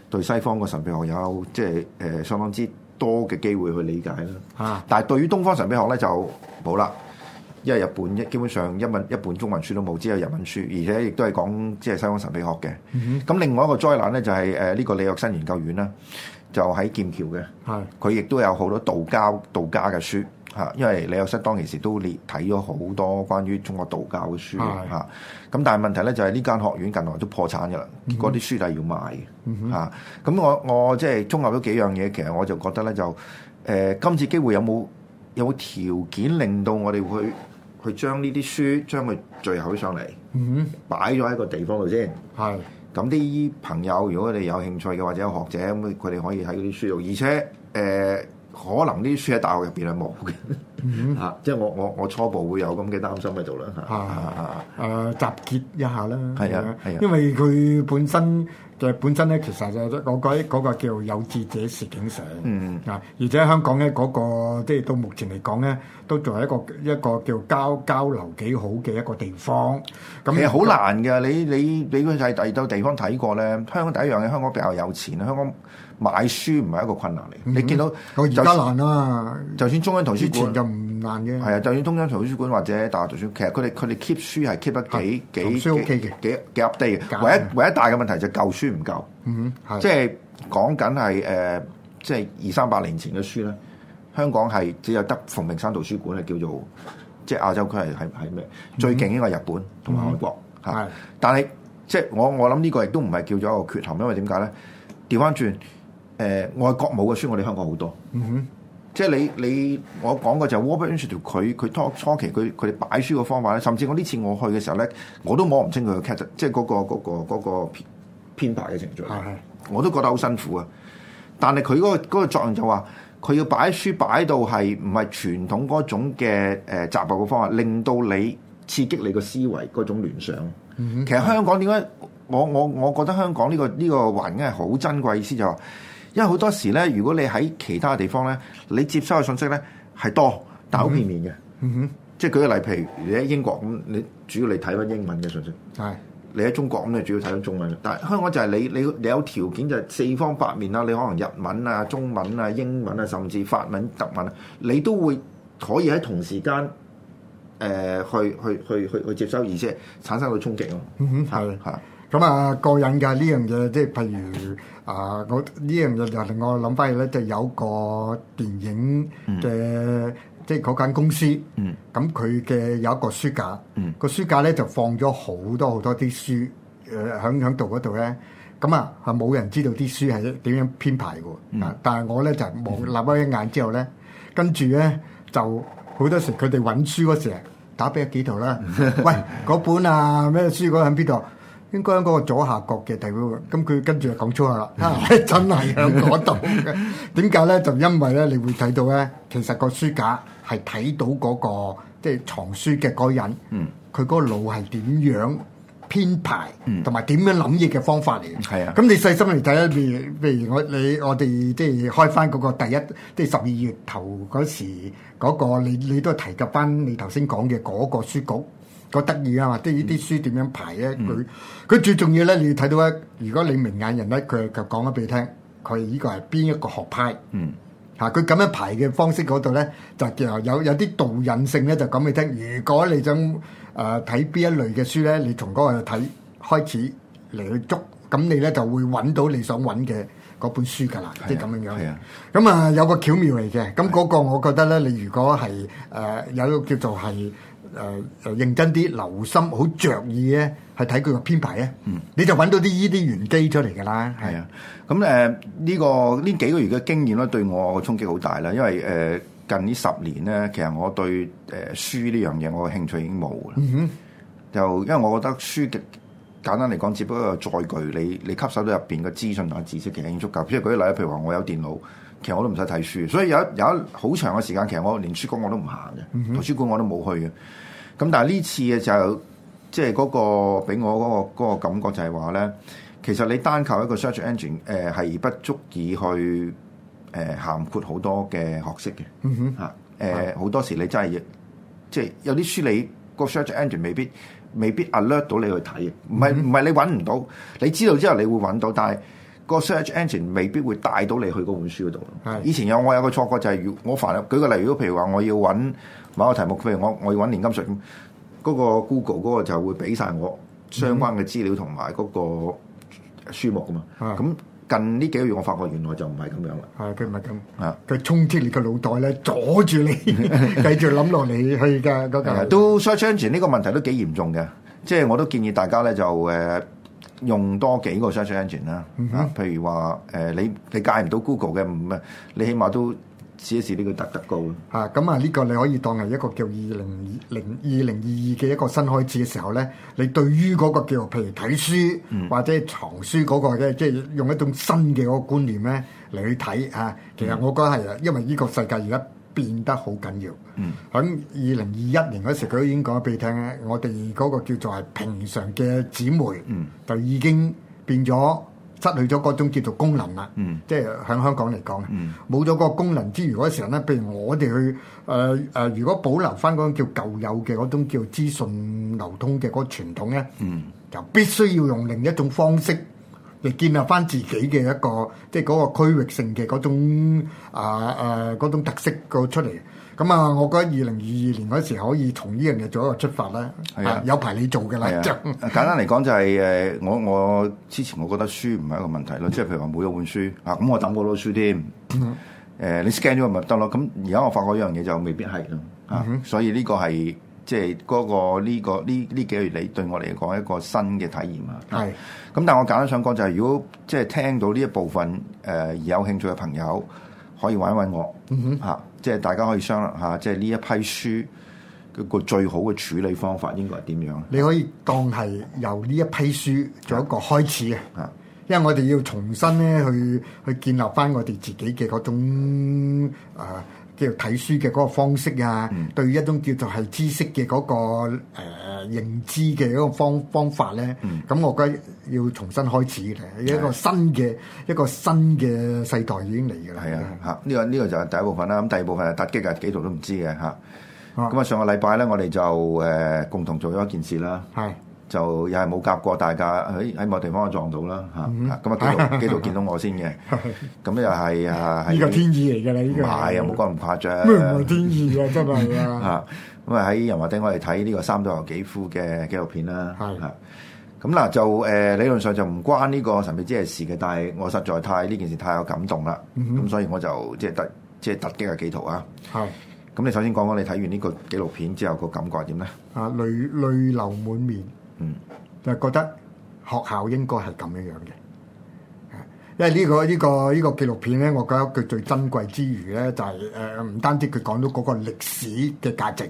S1: 對西方嘅神秘學有即係誒相當之多嘅機會去理解啦。啊、但係對於東方神秘學咧就冇啦。因為日本基本上一本一本中文書都冇，只有日文書，而且亦都係講即係西方神秘學嘅。咁、mm hmm. 另外一個災難咧就係誒呢個李約瑟研究院啦，就喺劍橋嘅。係佢亦都有好多道教道家嘅書嚇、啊，因為李約瑟當其時都睇咗好多關於中國道教嘅書嚇。咁、mm hmm. 啊、但係問題咧就係呢間學院近來都破產㗎啦，mm hmm. 結果啲書係要賣嘅嚇。咁、mm hmm. 啊、我我，我即係綜合咗幾樣嘢，其實我就覺得咧就誒、呃呃、今次機會有冇有冇條件令到我哋去？佢將呢啲書，將佢聚好上嚟，mm hmm. 擺咗喺個地方度先。係咁啲朋友，如果你有興趣嘅或者有學者，咁佢哋可以喺嗰啲書度。而且誒、呃，可能啲書喺大學入邊係冇嘅嚇，mm hmm. 啊、即係我我我初步會有咁嘅擔心喺度啦
S2: 嚇。啊，的啊集結一下啦，係啊係啊，因為佢本身。就嘅本身咧，其實就嗰個嗰個叫有志者事竟成啊！嗯、而且香港咧、那、嗰個即係到目前嚟講咧，都仲係一個一個叫交交流幾好嘅一個地方。
S1: 咁其實好難嘅，你你你嗰陣喺第二度地方睇過咧，香港第一樣嘢，香港比較有錢啊！香港買書唔係一個困難嚟，嗯、你見到我而家難啦，就算中央台書傳中央圖書館就唔。唔難嘅，係啊！就算中央圖書館或者大學圖書館，其實佢哋佢哋 keep 書係 keep 得幾哈幾幾幾 update 嘅。唯一唯一大嘅問題就係舊書唔夠。嗯、即係講緊係誒，即係二三百年前嘅書咧，香港係只有得馮平山圖書館係叫做即係亞洲區係係係咩？嗯、哼最勁應該係日本同埋韓國嚇、嗯。但係的即係我我諗呢個亦都唔係叫做一個缺陷，因為點解咧？調翻轉誒，外國冇嘅書，我哋香港好多。嗯哼。即係你你我講過就係 Warburg Institute 佢佢初初期佢佢擺書嘅方法咧，甚至我呢次我去嘅時候咧，我都摸唔清佢嘅 catch，即係嗰、嗰個嗰、嗰個嗰、嗰個、編編排嘅程序，的我都覺得好辛苦啊！但係佢嗰個嗰個作用就話，佢要擺書擺到係唔係傳統嗰種嘅誒習讀嘅方法，令到你刺激你個思維嗰種聯想。嗯、哼其實香港點解我我我覺得香港呢、呢個呢、呢個環境係好珍貴，意思就話。因為好多時咧，如果你喺其他地方咧，你接收嘅信息咧係多，但好片面嘅。哼、
S3: 嗯，嗯、
S1: 即係舉個例，譬如你喺英國咁，你主要你睇翻英文嘅信息；
S3: 係
S1: 是你喺中國咁，你主要睇翻中文。是但係香港就係你你你有條件就係四方八面啦，你可能日文啊、中文啊、英文啊，甚至法文、德文，啊，你都會可以喺同時間誒、呃、去去去去
S2: 去接收，而且產生到衝擊咯。哼、嗯，係係的。咁啊過癮㗎！呢樣嘢，即係譬如啊，我呢樣嘢就令我諗翻起咧，就有個電影嘅、嗯、即係嗰間公司。咁佢嘅有一個書架，個、嗯、書架咧就放咗好多好多啲書，誒響響度嗰度咧。咁啊，係冇、嗯、人知道啲書係點樣編排㗎、嗯啊。但係我咧就望立咗一眼之後咧，嗯、跟住咧就好多時佢哋揾書嗰時，打俾阿紀陶啦。喂，嗰本啊咩書嗰喺邊度？應該喺嗰個左下角嘅地方，咁佢跟住就講粗口啦。真係喺嗰度嘅，點解咧？就因為咧，你會睇到咧，其實個書架係睇到嗰、嗰個即係藏書嘅嗰人，佢嗰、嗯、個腦係點樣編排，同埋點樣諗嘢嘅方法嚟嘅。咁、嗯、你細心嚟睇一譬譬如我你我哋即係開翻嗰個第一，即係十二月頭嗰時嗰、嗰個，你你都提及翻你頭先講嘅嗰個書局。好得意啊，或者呢啲書點樣排咧？佢佢、嗯、最重要咧，你要睇到咧。如果你明眼人咧，佢就講咗俾你聽，佢呢個係邊一個學派。嗯，吓佢咁樣排嘅方式嗰度咧，就叫有有啲導引性咧，就講你聽。如果你想誒睇邊一類嘅書咧，你從嗰個睇開始嚟去捉，咁你咧就會揾到你想揾嘅嗰本書噶啦。啊、即係咁樣樣。咁啊，有個巧妙嚟嘅。咁嗰個我覺得咧，你如果係誒、呃、有一個叫做係。誒誒，認真啲，留心，好着意咧，係睇佢個編排咧，嗯、你就揾到啲依啲玄機出嚟㗎啦。
S1: 係啊的，咁誒呢個呢幾個月嘅經驗咧，對我嘅衝擊好大啦。因為誒、呃、近呢十年咧，其實我對誒、呃、書呢樣嘢，我嘅興趣已經冇
S3: 啦。嗯、
S1: 哼就因為我覺得書籍簡單嚟講，只不過載具，你你吸收到入邊嘅資訊同埋知識其實已經足夠。即係舉例，譬如話我有電腦，其實我都唔使睇書。所以有一有一好長嘅時間，其實我連書局我都唔行嘅，圖書館我都冇去嘅。咁但係呢次嘅就即係嗰、嗰個俾我嗰、嗰個嗰個感覺就係話咧，其實你單靠一個 search engine 誒、呃、係不足以去誒、呃、涵括好多嘅學識嘅。哼、mm。嚇誒好多時你真係即係有啲書你、嗰個 search engine 未必未必 alert 到你去睇嘅，唔係唔係你揾唔到，你知道之後你會揾到，但係個 search engine 未必會帶到你去嗰本書嗰度。Mm hmm. 以前有我有個錯覺就係、係，如我凡舉個例，如果譬如話我要揾。某個題目，譬如我我要揾年金稅咁，嗰、那個 Google 嗰個就會俾晒我相關嘅資料同埋嗰個書目噶嘛。咁、嗯、近呢幾個月我發覺原來就唔係咁樣啦。係佢唔係咁，
S2: 佢衝擊你個腦袋咧，阻住你繼 (laughs) 續諗落嚟去㗎、嗯。嗯、
S1: 都 search engine 呢個問題都幾嚴重嘅，即係我都建議大家咧就誒、呃、用多幾個 search engine 啦。啊、嗯，譬如話誒、呃、你你戒唔到 Google 嘅，唔啊你起碼都。試一試呢個特特高咯
S2: 嚇咁啊！呢、這個你可以當係一個叫二零二零二零二二嘅一個新開始嘅時候咧，你對於嗰個叫譬如睇書、嗯、或者藏書嗰、那個咧，即係用一種新嘅嗰個觀念咧嚟去睇嚇、啊。其實我覺得係啊，因為呢個世界而家變得好緊要。喺二零二一年嗰時，佢都已經講俾你聽咧，我哋嗰個叫做係平常嘅姊妹，嗯、就已經變咗。失去咗嗰種叫做功能啦，嗯、即係喺香港嚟講，冇咗嗰個功能之餘嗰時候咧，譬如我哋去誒誒、呃呃，如果保留翻嗰種叫舊有嘅嗰種叫資訊流通嘅嗰傳統咧，嗯、就必須要用另一種方式嚟建立翻自己嘅一個即係嗰個區域性嘅嗰種啊誒嗰種特色個出嚟。咁啊，我覺得二零二二年嗰時可以同呢樣嘢做一個出發啦，係的、啊、有排你做嘅啦。
S1: 的 (laughs) 簡單嚟講就係、是、誒，我我之前我覺得書唔係一個問題咯，即係 (laughs) 譬如話每一本書啊，咁我等好多書添。誒、 (laughs) 呃，你 scan 咗咪得咯？咁而家我發覺一樣嘢就未必係咯。 (laughs) 啊，所以呢個係即係嗰個呢、呢個呢呢、呢、幾個月你對我嚟講一個新嘅體驗啊。係。 (laughs) 咁但係我簡單想講就係、是，如果即係聽到呢一部分、呃、而有興趣嘅朋友。可以玩一玩我，嚇、嗯哼，即係大家可以商量下，即係呢一批書嘅個最好嘅處理方法應該係點
S2: 樣？你可以當係由呢一批書做一個開始嘅，嗯、因為我哋要重新咧去去建立翻我哋自己嘅嗰種啊。叫睇書嘅嗰個方式啊，嗯、對於一種叫做係知識嘅嗰、嗰個誒、呃、認知嘅一個方方法咧，咁、嗯、我覺得要重新開始嘅、嗯，一個新嘅一個新嘅世代已經嚟嘅
S1: 啦。係啊，嚇、嗯！呢、啊這個呢、這個就係第一部分啦。咁第二部分係突擊嘅，幾度都唔知嘅嚇。咁啊，上個禮拜咧，我哋就誒、呃、共同做咗一件事啦。係。就又係冇夾過，大家喺喺某地方撞到啦
S2: 嚇。咁啊，幾度幾度見到我先嘅。
S1: 咁又係啊，呢個天
S2: 意嚟㗎啦，呢個唔係又冇
S1: 講咁誇張。咩
S3: 唔係天意啊？真
S1: 係啊！咁啊喺仁華町，我哋睇呢個《三島由紀夫》嘅紀錄片啦。係。咁嗱，就誒理論上就唔關呢個神秘之夜嘅事嘅，但係我實在太呢件事太有感動啦。咁所以我就即係突即係突擊嘅紀陶啊。係。咁你首先講講你睇完呢個紀錄片之後個感覺點咧？
S2: 啊，淚淚流滿面。嗯，就係覺得學校應該係咁樣樣嘅，因為呢、呢個呢、呢個呢、呢個紀錄片咧，我覺得佢最珍貴之餘咧，就係誒唔單止佢講到嗰個歷史嘅價值，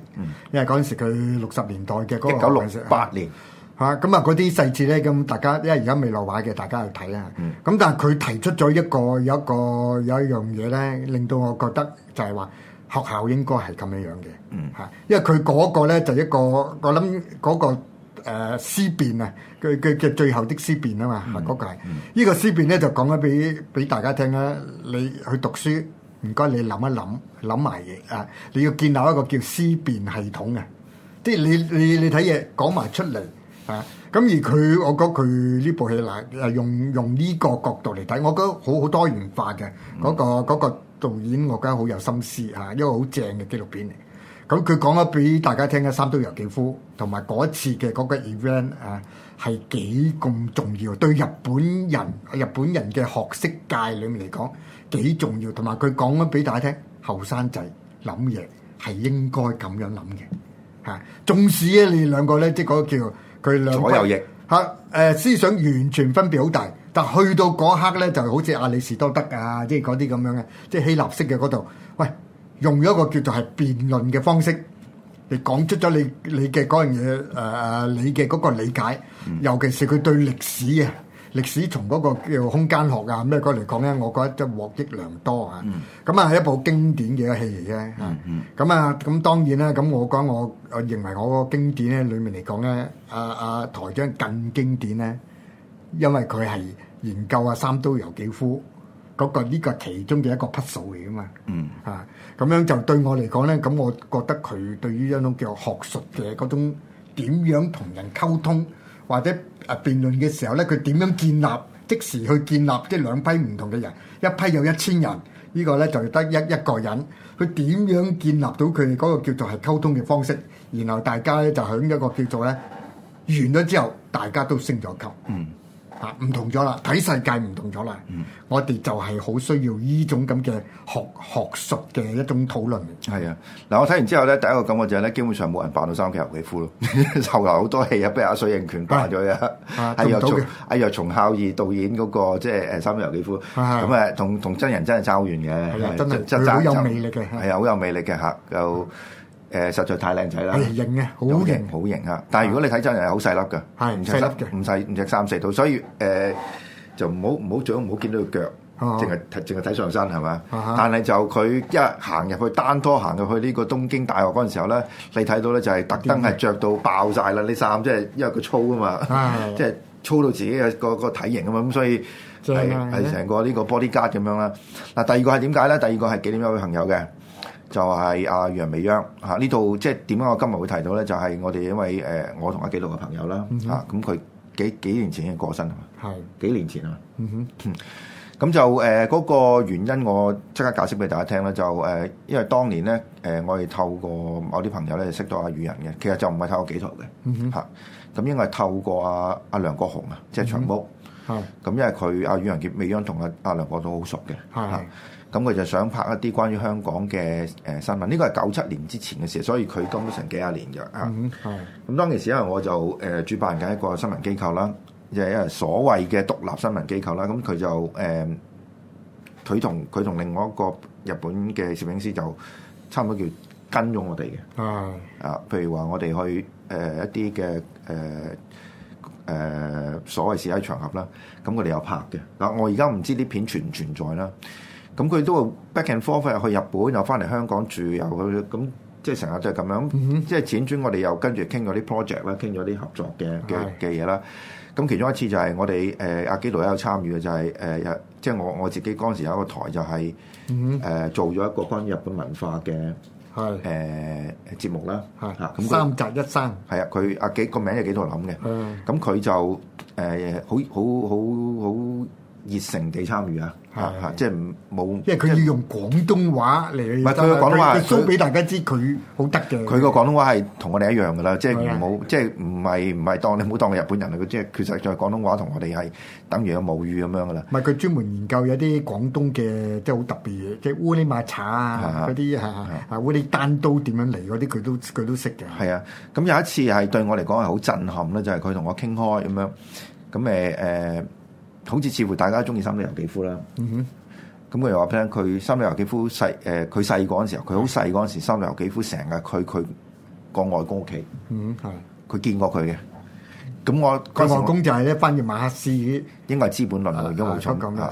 S2: 因為嗰陣時佢六十年代嘅一九六八年吓，咁啊嗰啲細節咧，咁、嗯、大家因為而家未落畫嘅，大家去睇啦。咁、嗯嗯、但係佢提出咗一個有一個有一樣嘢咧，令到我覺得就係話學校應該係咁樣樣嘅，吓、嗯，嗯、因為佢嗰個咧就是、一個我諗嗰、嗰個。誒思辨啊，佢佢佢最後的思辨啊嘛，嗰、嗯嗯、個係呢個思辨咧就講咗俾俾大家聽啦、啊。你去讀書，唔該你諗一諗，諗埋嘢啊！你要建立一個叫思辨系統嘅，即係你你你睇嘢講埋出嚟啊！咁、啊、而佢我覺得佢呢部戲啦，用用呢個角度嚟睇，我覺得好好多元化嘅嗰個嗰個導演，我覺得好、嗯那個那個、有心思嚇，因為好正嘅紀錄片嚟。咁佢講咗俾大家聽嘅《三都遊記》夫，同埋嗰一次嘅嗰個 event，誒係幾咁重要？對日本人、日本人嘅學識界裏面嚟講幾重要？同埋佢講咗俾大家聽，後生仔諗嘢係應該咁樣諗嘅嚇。縱使咧，你兩個咧，即係嗰個叫佢兩個左右翼嚇誒、啊呃、思想完全分別好大。但去到嗰刻咧，就好似阿里士多德啊，即係嗰啲咁樣嘅，即係希臘式嘅嗰度喂。用咗一個叫做係辯論嘅方式嚟講出咗你你嘅嗰樣嘢，誒、呃、你嘅嗰個理解，尤其是佢對歷史嘅歷史從嗰個叫空間學啊咩嗰嚟講咧，我覺得即係獲益良多嚇。咁啊、嗯，一部經典嘅戲嚟嘅嚇。咁、嗯嗯、啊，咁當然啦、啊。咁我講我我認為我個經典咧裏面嚟講咧、啊，阿、啊、阿台長更經典咧，因為佢係研究阿三島由紀夫嗰、那個呢、這個其中嘅一個匹數嚟噶嘛。嗯。啊。咁樣就對我嚟講咧，咁我覺得佢對於一種叫學術嘅嗰種點樣同人溝通，或者誒辯論嘅時候咧，佢點樣建立，即時去建立即兩批唔同嘅人，一批有一千人，這個、呢個咧就得一一個人，佢點樣建立到佢嗰個叫做係溝通嘅方式，然後大家咧就響一個叫做咧完咗之後，大家都升咗級。嗯。啊，唔同咗啦，睇世界唔同咗啦，我哋就係好需要呢種咁嘅學學術嘅一種討論。
S1: 係啊，嗱，我睇完之後咧，第一個感覺就係咧，基本上冇人扮到三島由紀夫咯。後嚟好多戲啊，不如阿緒形拳扮咗啊，
S3: 阿若松
S1: 阿若松孝二導演嗰個即係誒三島由紀夫，咁啊同同真人真係爭好遠嘅，真係真係好有魅力嘅，係啊，好有魅力嘅嚇又。誒實在太靚仔啦，型嘅好型好型啊！但係如果你睇真人係好細粒噶，唔細粒嘅，唔細唔着三四度。所以誒就唔好唔好著，唔好見到個腳，淨係淨係睇上身係嘛？但係就佢一行入去單拖行入去呢個東京大學嗰陣時候咧，你睇到咧就係特登係着到爆晒啦！呢衫即係因為佢粗啊嘛，即係粗到自己個個個體型啊嘛，咁所以係係成個呢個玻璃 d 咁樣啦。嗱，第二個係點解咧？第二個係幾點一位朋友嘅。就係阿楊美央嚇，呢度即係點解我今日會提到咧？就係我哋因為誒我同阿紀陶嘅朋友啦嚇，咁佢幾幾年前已經過身啊？係幾年前啊？嗯哼，咁就誒嗰個原因，我即刻解釋俾大家聽啦。就誒，因為當年咧誒，我哋透過某啲朋友咧識到阿雨人嘅，其實就唔係透過紀陶嘅，嗯哼，咁因為透過阿阿梁國雄啊，即係長毛，係咁，因為佢阿雨人結美央同阿阿梁國都好熟嘅，
S3: 係。
S1: 咁佢就想拍一啲關於香港嘅誒新聞，呢個係九七年之前嘅事，所以佢咁都成幾廿年嘅啊。咁、嗯、當其時因為我就誒、呃、主辦緊一個新聞機構啦，亦、就、係、是、所謂嘅獨立新聞機構啦。咁、嗯、佢就誒佢、呃、同佢同另外一個日本嘅攝影師就差唔多叫跟咗我哋嘅。嗯、啊，譬如話我哋去誒、呃、一啲嘅誒誒所謂示威場合啦，咁佢哋有拍嘅嗱、啊。我而家唔知啲片存唔存在啦。咁佢都係 back and forth 又去日本又翻嚟香港住又去咁，即係成日都係咁樣。嗯、哼即係輾轉我哋又跟住傾咗啲 project 啦，傾咗啲合作嘅嘅嘅嘢啦。咁其中一次就係我哋誒、呃、阿紀陶有參與嘅就係、是、誒、呃，即係我我自己嗰陣時有一個台就係、
S3: 是、
S1: 誒、呃、做咗一個關於日本文化嘅誒、嗯哼呃、節目啦。嚇他三宅一生係啊，佢阿基幾個名係紀陶諗嘅。咁佢是、嗯、就誒好好好好。呃熱誠地參與啊，係係，即係冇，因為佢要用
S2: 廣東話嚟。唔係佢嘅廣東話，佢 show 俾大家知佢好得嘅。佢個廣
S1: 東話係同我哋一樣㗎啦，即係唔冇，即係唔係唔係當你冇當日本人，佢即係其實就係廣東話同我哋係等於有母語咁樣㗎啦。
S2: 唔係佢專門研究有啲廣東嘅即係好特別嘢，即係烏哩抹茶啊嗰啲嚇，啊烏哩單刀點樣嚟嗰啲佢都佢都識嘅。
S1: 係啊，咁有一次係對我嚟講係好震撼咧，就係佢同我傾開咁樣，咁誒誒。好似似乎大家都中意《三里游幾夫》啦、嗯哼，咁佢又話畀你聽，佢《三里游幾夫》細、呃，誒佢細個嗰陣時候，佢好細嗰陣時，嗯《三里游幾夫》成日佢佢個外公屋企，嗯
S3: 係，
S1: 佢見過佢嘅，咁我佢外公就係翻譯嘅馬克思，應該係資本論啦，已冇錯咁啦，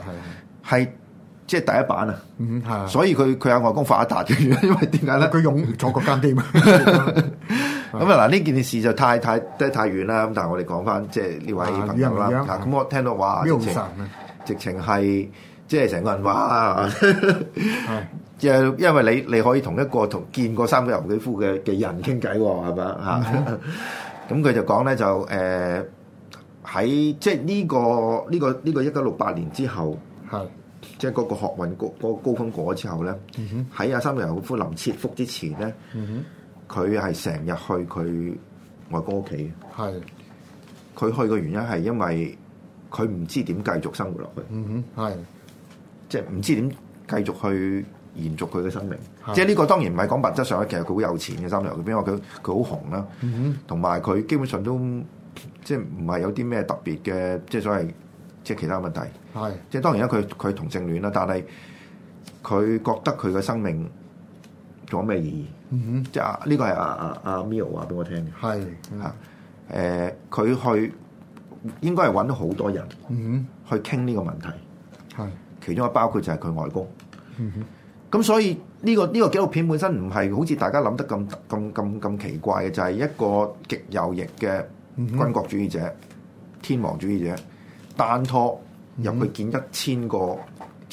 S1: 係、啊，即係、就是、第一版啊，嗯、所以佢佢阿外公發一達嘅， (laughs) 因為
S2: 點解咧？佢擁阻嗰間店。
S3: 咁
S1: 啊嗱，呢件事就太太都係太遠啦。咁但係我哋講翻即係呢位朋友啦。嗱，咁我聽到話，直情直係即係成個人話，即係因為你你可以同一個同見過三島由紀夫嘅嘅人傾偈喎，係咪啊？嚇，咁佢就講咧就誒喺即係呢個呢個呢個一九六八年之後，係即係嗰個學運高高峯過咗之後咧，哼，喺阿三島由紀夫臨切腹之前咧，哼。佢係成日去佢外公屋企。係是，佢去嘅原因係因為佢唔知點繼續生活落去。嗯哼，係，即係唔知點繼續去延續佢嘅生命。是即係呢個當然唔係講物質上嘅，其實佢好有錢嘅三流，因為佢佢好紅啦。同埋佢基本上都即係唔係有啲咩特別嘅，即係所謂即係其他問題。係是，即係當然啦，佢佢同性戀啦，但係佢覺得佢嘅生命。講咩意義？嗯哼，即係啊，呢個係阿阿阿 Miu 話俾我聽嘅。係吓，誒，佢去應該係揾到好多人，嗯哼，去傾呢個問題。
S3: 係，
S1: 其中一個包括就係佢外公。
S3: 嗯哼，
S1: 咁所以呢個呢個紀錄片本身唔係好似大家諗得咁咁咁咁奇怪嘅，就係一個極右翼嘅軍國主義者、嗯哼、天皇主義者，單拖入去見一千個。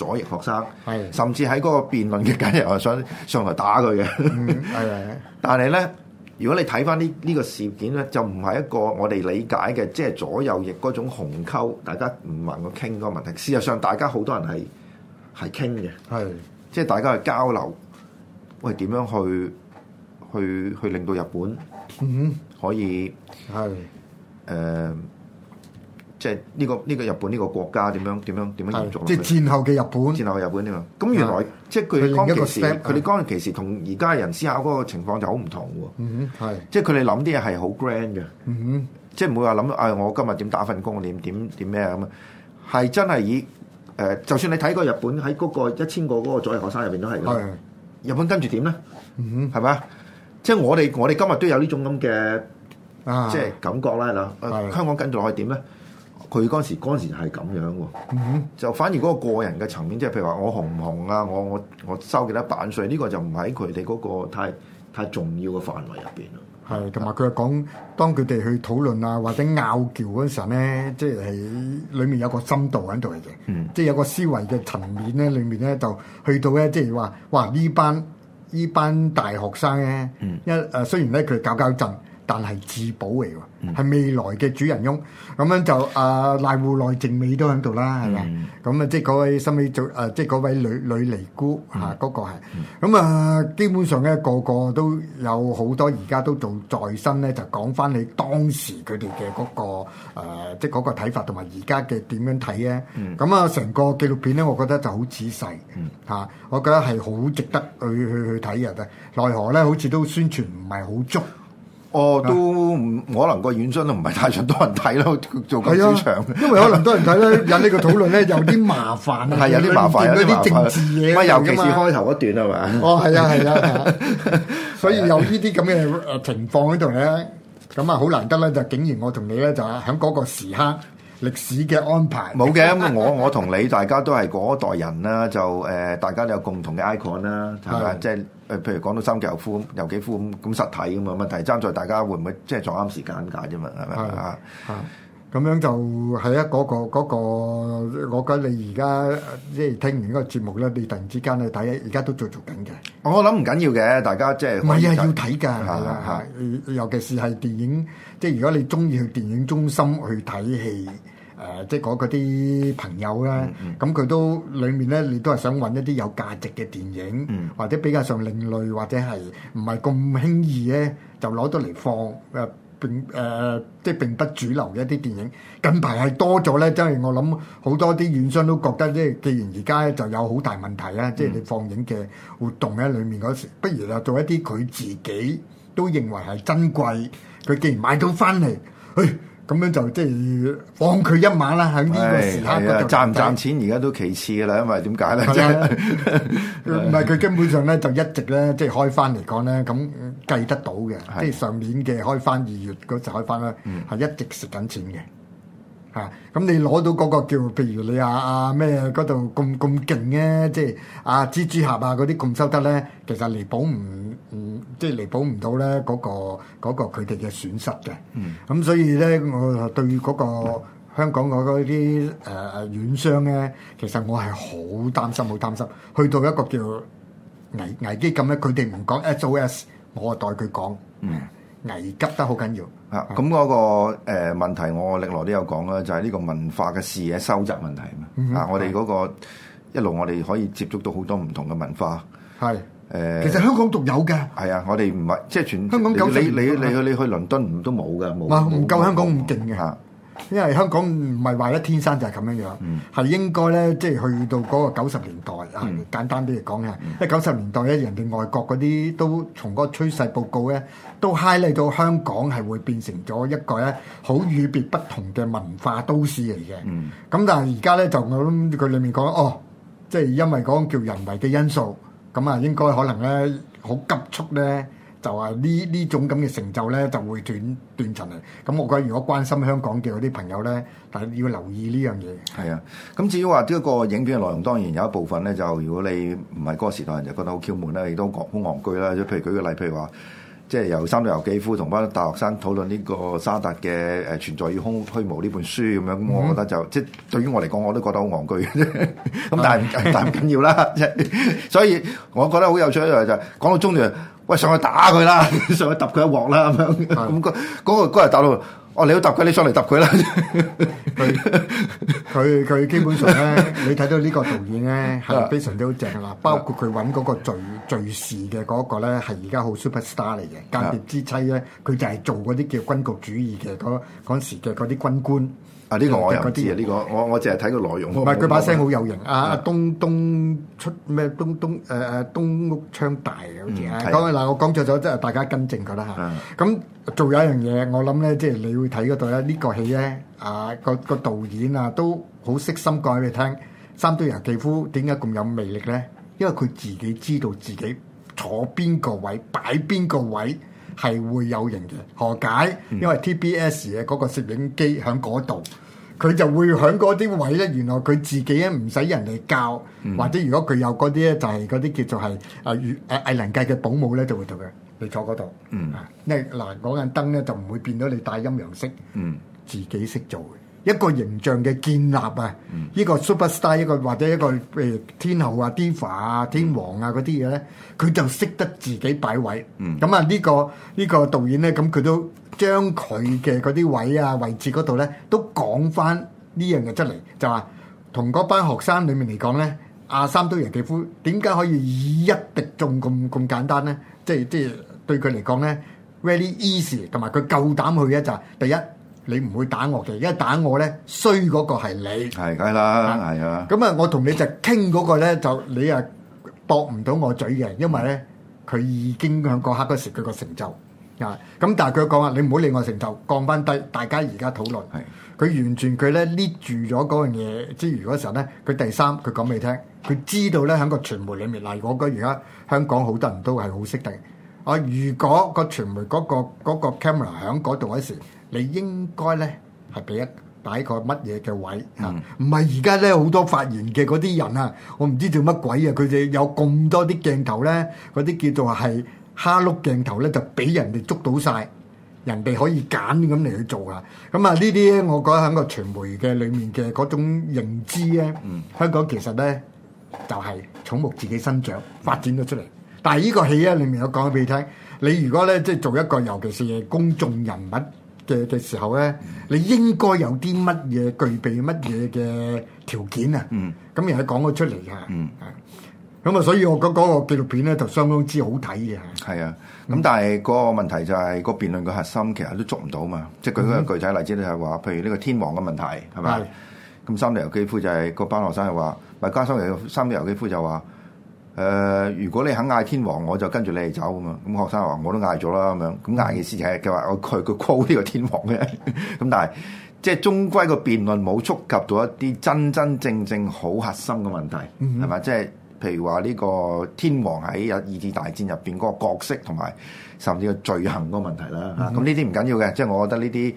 S1: 左翼學生，的甚至喺嗰個辯論嘅間日，我想上嚟打佢嘅。係 (laughs) 啊、嗯！但係咧，如果你睇翻呢呢個事件咧，就唔係一個我哋理解嘅，即、就、係、是、左右翼嗰種鴻溝，大家唔能夠傾嗰個問題。事實上，大家好多人係係傾嘅，係即係大家去交流，喂點樣去去去令到日本可以係誒？的即係呢個呢個日本呢個國家點樣點樣點樣嚴即係戰後嘅日本，戰後嘅日本啲嘛？咁原來、啊、即係佢當其時，佢哋當其時同而家人思考嗰個情況就好唔同喎。
S3: 嗯、
S1: 即係佢哋諗啲嘢係好 grand 嘅。嗯、哼即係唔會話諗啊！我今日點打份工？點點點咩咁啊？係真係以誒、呃，就算你睇過日本喺嗰個一千個嗰個左右學生入邊都係嘅。
S3: 嗯、
S1: 哼日本跟住點咧？嗯係哼咪啊？即係我哋我哋今日都有呢種咁嘅即係感覺啦嗱。香港跟住落去點咧？佢嗰時嗰時係咁樣喎、啊，嗯、哼就反而嗰個個人嘅層面，即係譬如話我紅唔紅啊，我我我收幾多版稅呢個就唔喺佢哋嗰
S2: 個太太重要嘅範圍入邊咯。係，同埋佢係講當佢哋去討論啊或者拗撬嗰陣咧，即係喺裡面有個深度喺度嘅，嗯、即係有個思維嘅層面咧，裡面咧就去到咧，即係話哇呢班呢班大學生咧，一誒雖然咧佢搞搞震。但係自保嚟喎，係、嗯、未來嘅主人翁，咁樣就啊、呃、賴戶內靜美都喺度啦，係咪？咁啊、嗯，嗯嗯、即係嗰位心理組啊、呃，即係嗰位女女尼姑嚇，嗰、啊嗰個係。咁啊、嗯嗯嗯，基本上咧個個都有好多，而家都做在身咧，就講翻你當時佢哋嘅嗰個、呃、即係嗰個睇法同埋而家嘅點樣睇咧。咁啊、嗯，成、嗯嗯、個紀錄片咧、啊，我覺得就好仔細嚇，我覺得係好值得去去去睇入嘅。奈何咧，好似都宣傳唔係好足。哦，都唔、啊、可能個院長都唔係太想多人睇咯，做個市場。啊、因為可能多人睇咧，引呢 (laughs) 個討論咧，有啲麻煩啊。係有啲麻煩， (laughs) 有啲政治嘢，啊，尤其是開頭嗰段係嘛。哦，係啊，係啊，啊 (laughs) 所以有呢啲咁嘅誒情況喺度咧，咁啊好難得咧，就竟然我同你咧就喺嗰個時刻。歷史嘅安排冇嘅的，我我同你大
S1: 家都係嗰代人啦，就誒、呃、大家都有共同嘅 icon 啦，係即係誒，譬如講到三極夫、有幾夫咁，咁實體咁嘛。問題爭在大家會唔會即係撞啱時間解啫嘛，係咪
S2: 啊？啊，咁樣就係一嗰個、嗰個嗰個，我覺得你而家即係聽完嗰個節目咧，你突然之間去睇，而家都在做做緊嘅。我諗唔緊要嘅，大家即係唔係啊？要睇㗎，尤其是係電影，即係如果你中意去電影中心去睇戲。誒，即係嗰嗰啲朋友咧，咁佢都裏面咧，你都係想揾一啲有價值嘅電
S3: 影，或
S2: 者比較上另類，或者係唔係咁輕易咧，就攞到嚟放誒並誒，即係並不主流嘅一啲電影。近排係多咗咧，即係我諗好多啲院商都覺得，即係既然而家就有好大問題啦，即係你放映嘅活動喺裏面嗰時，不如又做一啲佢自己都認為係珍貴，佢既然買到翻嚟，去。咁樣就即係放佢一晚啦，喺呢、哎、個時刻就賺唔賺錢而家都
S1: 其次嘅啦，因為點解咧？即係
S2: 唔係佢根本上咧就一直咧即係開翻嚟講咧，咁計得到嘅，的即係上年嘅開翻二月嗰陣開翻咧，係、嗯、一直蝕緊錢嘅。嚇！咁、啊、你攞到嗰個叫，譬如你啊啊咩嗰度咁咁勁咧，即係啊蜘蛛俠啊嗰啲咁收得咧，其實彌補唔唔即係彌補唔到咧、嗰、嗰個佢哋嘅損失嘅。咁、嗯啊、所以咧，我對嗰、嗰個香港嗰嗰啲誒院商咧，其實我係好擔心，好擔心。去到一個叫危危機咁咧，佢哋唔講 SOS，我代佢講。嗯危急得好緊要
S1: 啊！咁嗰、那個誒、呃、問題，我歷來都有講啦，就係、是、呢個文化嘅視野收窄問題、嗯、哼啊！我哋嗰、那個的一路，我哋可以接觸到好多唔同嘅文化，係誒的。呃、其實香
S2: 港獨有嘅
S1: 係啊！我哋唔係即係全香港你你你，你去你去倫敦都冇㗎，冇唔夠香
S2: 港唔勁嘅嚇。啊因為香港唔係話天生就係咁樣樣，係、嗯、應該咧，即、就、係、是、去到嗰個九十年代啊，嗯、簡單啲嚟講嘅，即係九十年代咧，人哋外國嗰啲都從嗰個趨勢報告咧，都 high 嚟到香港係會變成咗一個咧好與別不同嘅文化都市嚟嘅。咁、嗯、但係而家咧就我諗佢裡面講哦，即、就、係、是、因為嗰個叫人為嘅因素，咁啊應該可能咧好急促咧。就話呢呢種咁嘅成就咧，就會斷斷層嚟。咁我覺得，如果關心香港嘅嗰啲朋友咧，大家要留意呢樣嘢。
S1: 係啊，咁至於話呢一個影片嘅內容，當然有一部分咧，就如果你唔係嗰個時代人，就覺得好巧妙啦，亦都好好戇居啦。即係譬如舉個例，譬如話，即係由《三遊記》附同班大學生討論呢個沙特嘅誒存在與空虛無呢本書咁樣。咁、嗯、我覺得就即係對於我嚟講，我都覺得好戇居嘅啫。咁 (laughs) 但係是 (laughs) 但係唔緊要啦。 (laughs) (laughs) 所以我覺得好有趣一樣就係講到中段。喂，上去打佢啦， (laughs) 上去揼佢一鑊啦，咁樣，咁個嗰、嗰個人答到：「哦，你好揼佢，你上嚟
S2: 揼佢啦。 (laughs) 佢佢基本上咧， (laughs) 你睇到呢個導演咧係非常之好正啦，包括佢揾嗰個最最嘅嗰個咧，係而家好 superstar 嚟嘅《間諜是的 之妻呢》咧，佢就係做嗰啲叫軍國主義嘅嗰嗰時嘅嗰啲軍官。
S1: 啊！呢個我又唔知啊，呢個我我淨係睇個內容。唔係佢把聲好有型
S2: 啊！東東出咩？東東誒誒東屋昌大啊！好似嗱，我講錯咗，即係大家跟正佢啦嚇。咁仲有一樣嘢，我諗咧，即係你會睇嗰度咧，呢個戲咧，啊個個導演啊，都好悉心講俾你聽，三堆人幾夫點解咁有魅力咧？因為佢自己知道自己坐邊個位，擺邊個位。係會有型嘅，何解？因為 TBS 嘅嗰個攝影機喺嗰度，佢就會喺嗰啲位咧。原來佢自己咧唔使人哋教，嗯、或者如果佢有嗰啲咧，就係嗰啲叫做係誒、啊、藝能界嘅保姆咧，就會同佢，你坐嗰度。嗯，因為嗱嗰間燈咧就唔會變到你帶陰陽色。嗯，自己識做嘅。一個形象嘅建立啊，呢個 superstar，一個，Super star 一個或者一個誒天后啊、Diva 啊、天王啊嗰啲嘢咧，佢就識得自己擺位。咁、嗯、啊，呢、這個呢、這個導演咧，咁佢都將佢嘅嗰啲位啊位置嗰度咧，都講返呢樣嘢出嚟，就話同嗰班學生裡面嚟講咧，阿、啊、三都楊貴夫點解可以以一敵眾咁咁簡單咧？即係即係對佢嚟講咧，really easy，同埋佢夠膽去啊、就是！就第一。你唔會打我嘅，因為打我咧衰嗰個係你，
S1: 係梗係啦，係啊。咁
S2: 啊，我同你就傾嗰個咧，就你啊駁唔到我嘴嘅，因為咧佢已經響嗰刻嗰時佢個成就啊。咁但係佢講話，你唔好理我成就降翻低，大家而家討論。佢完全佢咧匿住咗嗰樣嘢。即係嗰陣咧，佢第三佢講畀你聽，佢知道咧喺個傳媒裡面。嗱，我覺得而家香港好多人都係好識定。我如果個傳媒嗰個嗰個 camera 喺嗰度嗰時。你應該咧係俾一擺個乜嘢嘅位啊，唔係而家咧好多發言嘅嗰啲人啊，我唔知做乜鬼啊！佢哋有咁多啲鏡頭咧，嗰啲叫做係蝦碌鏡頭咧，就俾人哋捉到晒，人哋可以揀咁嚟去做啊！咁啊呢啲我覺得喺個傳媒嘅裡面嘅嗰種認知咧，嗯、香港其實咧就係、是、草木自己生長發展咗出嚟，但係呢個戲咧，裡面我講俾你聽，你如果咧即係做一個，尤其是係公眾人物。嘅嘅時候咧，你應該有啲乜嘢具備乜嘢嘅條件啊？咁又係講咗出嚟嘅，咁啊、嗯嗯，所以我嗰、那、嗰、個那個紀錄片咧就相當之好睇嘅嚇。
S1: 係啊，咁、嗯、但係個問題就係、是那個辯論嘅核心其實都捉唔到嘛，即係舉嗰個具體例子咧，係話、嗯嗯，譬如呢個天皇嘅問題係咪？咁是三島由紀夫就係、是、個班學生又話，咪加收嚟三島由紀夫就話。誒、呃，如果你肯嗌天皇，我就跟住你哋走咁啊！咁、嗯、學生話我都嗌咗啦，咁樣咁嗌嘅意思就係佢話我佢佢 call 呢個天皇嘅，咁但係即係終歸個辯論冇觸及到一啲真真正正好核心嘅問題，係、啊、咪？即係譬如話呢個天皇喺日二次大戰入邊嗰個角色同埋甚至個罪行個問題啦，咁呢啲唔緊要嘅，即係我覺得呢啲。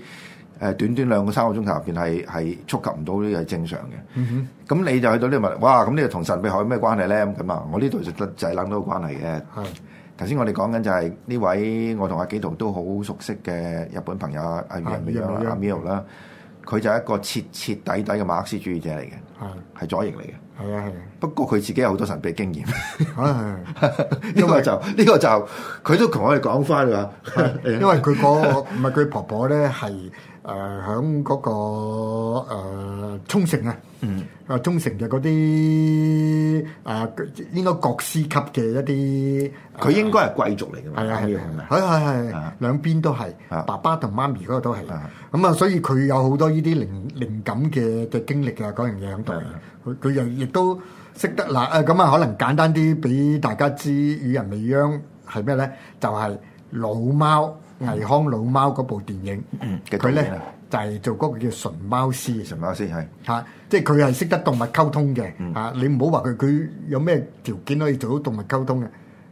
S1: 誒，短短兩個三個鐘頭入邊係係觸及唔到呢個，正常嘅。咁你就去到呢個問，哇！咁呢個同神秘學有咩關係咧？咁啊，我呢度就得就係諗到個關係嘅。頭先我哋講緊就係呢位我同阿紀陶都好熟悉嘅日本朋友阿楊美央啦、阿 Miru 啦，佢就係一個徹徹底底嘅馬克思主義者嚟嘅，係係左翼嚟嘅。係啊係啊，不過佢自己有好多神秘經驗，因為呢個就呢個就
S2: 佢都同我哋講翻㗎，因為佢個唔係佢婆婆咧係。誒，響嗰、呃嗰個誒、呃、沖繩啊，啊沖繩嘅嗰啲誒，應該國師級嘅一啲，佢、嗯、應該係貴族嚟㗎嘛，係啊係啊，係係係，兩邊都係，是是爸爸同媽咪嗰個都係，咁啊是、嗯，所以佢有好多呢啲靈靈感嘅嘅經歷啊，嗰樣嘢喺度，佢佢又亦都識得嗱，誒咁啊，可能簡單啲俾大家知，羽人未央係咩咧？就係、是、老貓。倪康老貓嗰部電影，佢咧、嗯、就係、是、做嗰個叫純貓師，純貓師係嚇、啊，即係佢係識得動物溝通嘅嚇。啊嗯、你唔好話佢，佢有咩條件可以做到動物溝通嘅？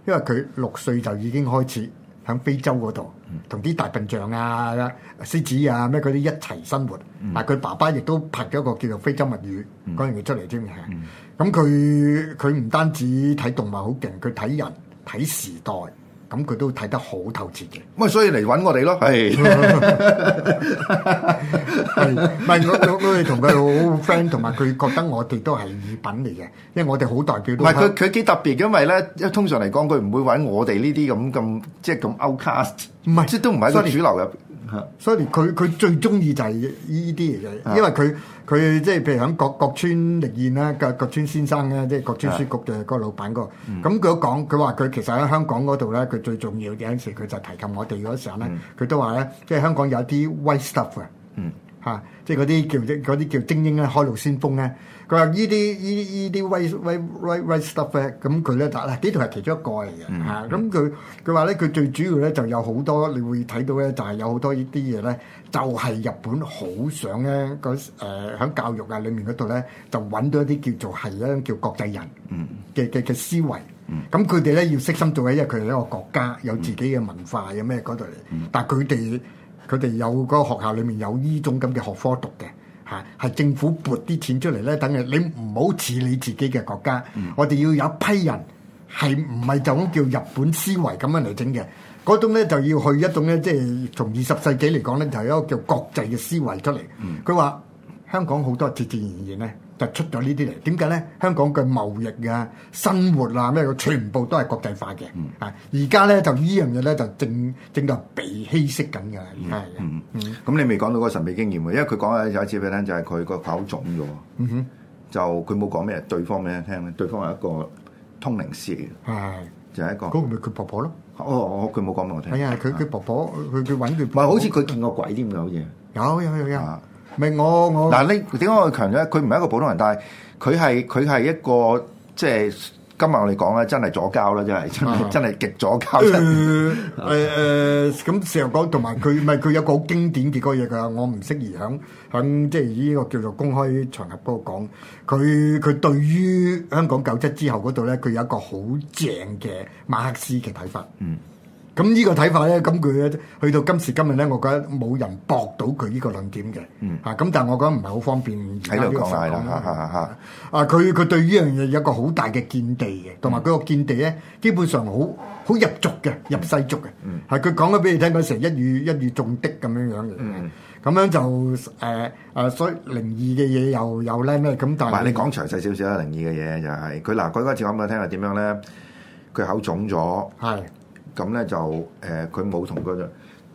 S2: 因為佢六歲就已經開始喺非洲嗰度，同啲大笨象啊，啊、獅子啊、咩嗰啲一齊生活。但佢爸爸亦都拍咗個叫做《非洲物語》嗰樣嘢出嚟添嘅。咁佢佢唔單止睇動物好勁，佢睇人、睇時代。咁佢都睇得好透徹嘅，咁啊
S1: 所以嚟揾我哋咯。係 (laughs) (laughs)
S2: (laughs) 唔係我我哋同佢好 friend，同埋佢覺得我哋都係異品嚟嘅，因為我哋好代表都。唔係佢
S1: 佢幾特別，因為咧，因為通常嚟講佢唔會揾我哋呢啲咁
S2: 咁即係咁 outcast，唔係即係都唔喺個主流入所以佢佢最中意就係呢啲嚟嘅，因為佢佢即係譬如響郭郭村力燕啦，郭郭村先生啦，即係郭村書局嘅嗰個老闆嗰個。咁佢 Yeah .、mm. 都講，佢話佢其實喺香港嗰度咧，佢最重要嘅一次，佢就提及我哋嗰時候咧，佢、mm. 都話咧，即係香港有啲威 stuff 嘅，嚇，即係嗰啲叫啲叫精英咧，開路先鋒咧。佢話依啲依依啲威威威威 stuff 咧，咁佢咧就咧，呢度係其中一個嚟嘅吓。咁佢佢話咧，佢最主要咧就有好多，你會睇到咧，就係有好多依啲嘢咧，就係日本好想咧，嗰誒喺教育啊裡面嗰度咧，就揾到一啲叫做係咧，叫國際人嘅嘅嘅思維。咁佢哋咧要悉心做嘅，因為佢哋係一個國家，有自己嘅文化，有咩嗰度。但係佢哋佢哋有嗰個學校裡面有依種咁嘅學科讀嘅。係政府撥啲錢出嚟咧，等你你唔好治理自己嘅國家。嗯、我哋要有一批人係唔係就咁叫日本思維咁樣嚟整嘅？嗰種咧就要去一種咧，即係從二十世紀嚟講咧，就係一個叫國際嘅思維出嚟。佢話、嗯、香港好多自自然然咧。就出咗呢啲嚟，點解咧？香港嘅貿易啊、生活啊咩，全部都係國際化嘅。啊，而家咧就呢樣嘢咧就正正就被稀釋緊嘅。係。嗯。
S1: 咁你未講到個神秘經驗喎，因為佢講啊，有一次俾佢聽就係佢個手腫咗。嗯
S3: 哼。
S1: 就佢冇講咩，對方俾佢聽咧，對方係一個通靈師嚟嘅。
S3: 係。
S1: 就係一個。嗰個咪佢婆婆咯。哦哦，佢冇講俾我聽。係啊，佢佢婆婆，佢佢揾佢。唔係，好似佢見過鬼添㗎，好似。有有有有。
S3: 咪我我
S1: 嗱呢點解我強呢？佢唔係一個普通人，但係佢係佢係一個即係今日我哋講咧，真係左膠啦，真係、啊、真真係極左膠。誒
S2: 誒、啊，咁成日講同埋佢唔係佢有，有個好經典嘅嗰嘢㗎，我唔適宜響響即係呢個叫做公開場合嗰度講。佢佢對於香港九七之後嗰度咧，佢有一個好正嘅馬克思嘅睇法。嗯咁呢個睇法咧，咁佢去到今時今日咧，我覺得冇人駁到佢呢個論點嘅、嗯嗯。嗯，嚇咁，但係我覺得唔係好方便喺度講下講下啊，佢佢對呢樣嘢有一個好大嘅見地嘅，同埋佢個見地咧，基本上好好入俗嘅，入世俗嘅。嗯，佢講咗俾你聽嗰時，一語一語中的咁樣樣嘅。嗯，咁樣就誒誒、呃，所以靈異嘅嘢又又咧咩咁，但係你講
S1: 詳細少少啦？靈異嘅嘢就係佢嗱，講一次我冇聽下點樣咧，佢口腫咗。係。咁咧就誒佢冇同佢，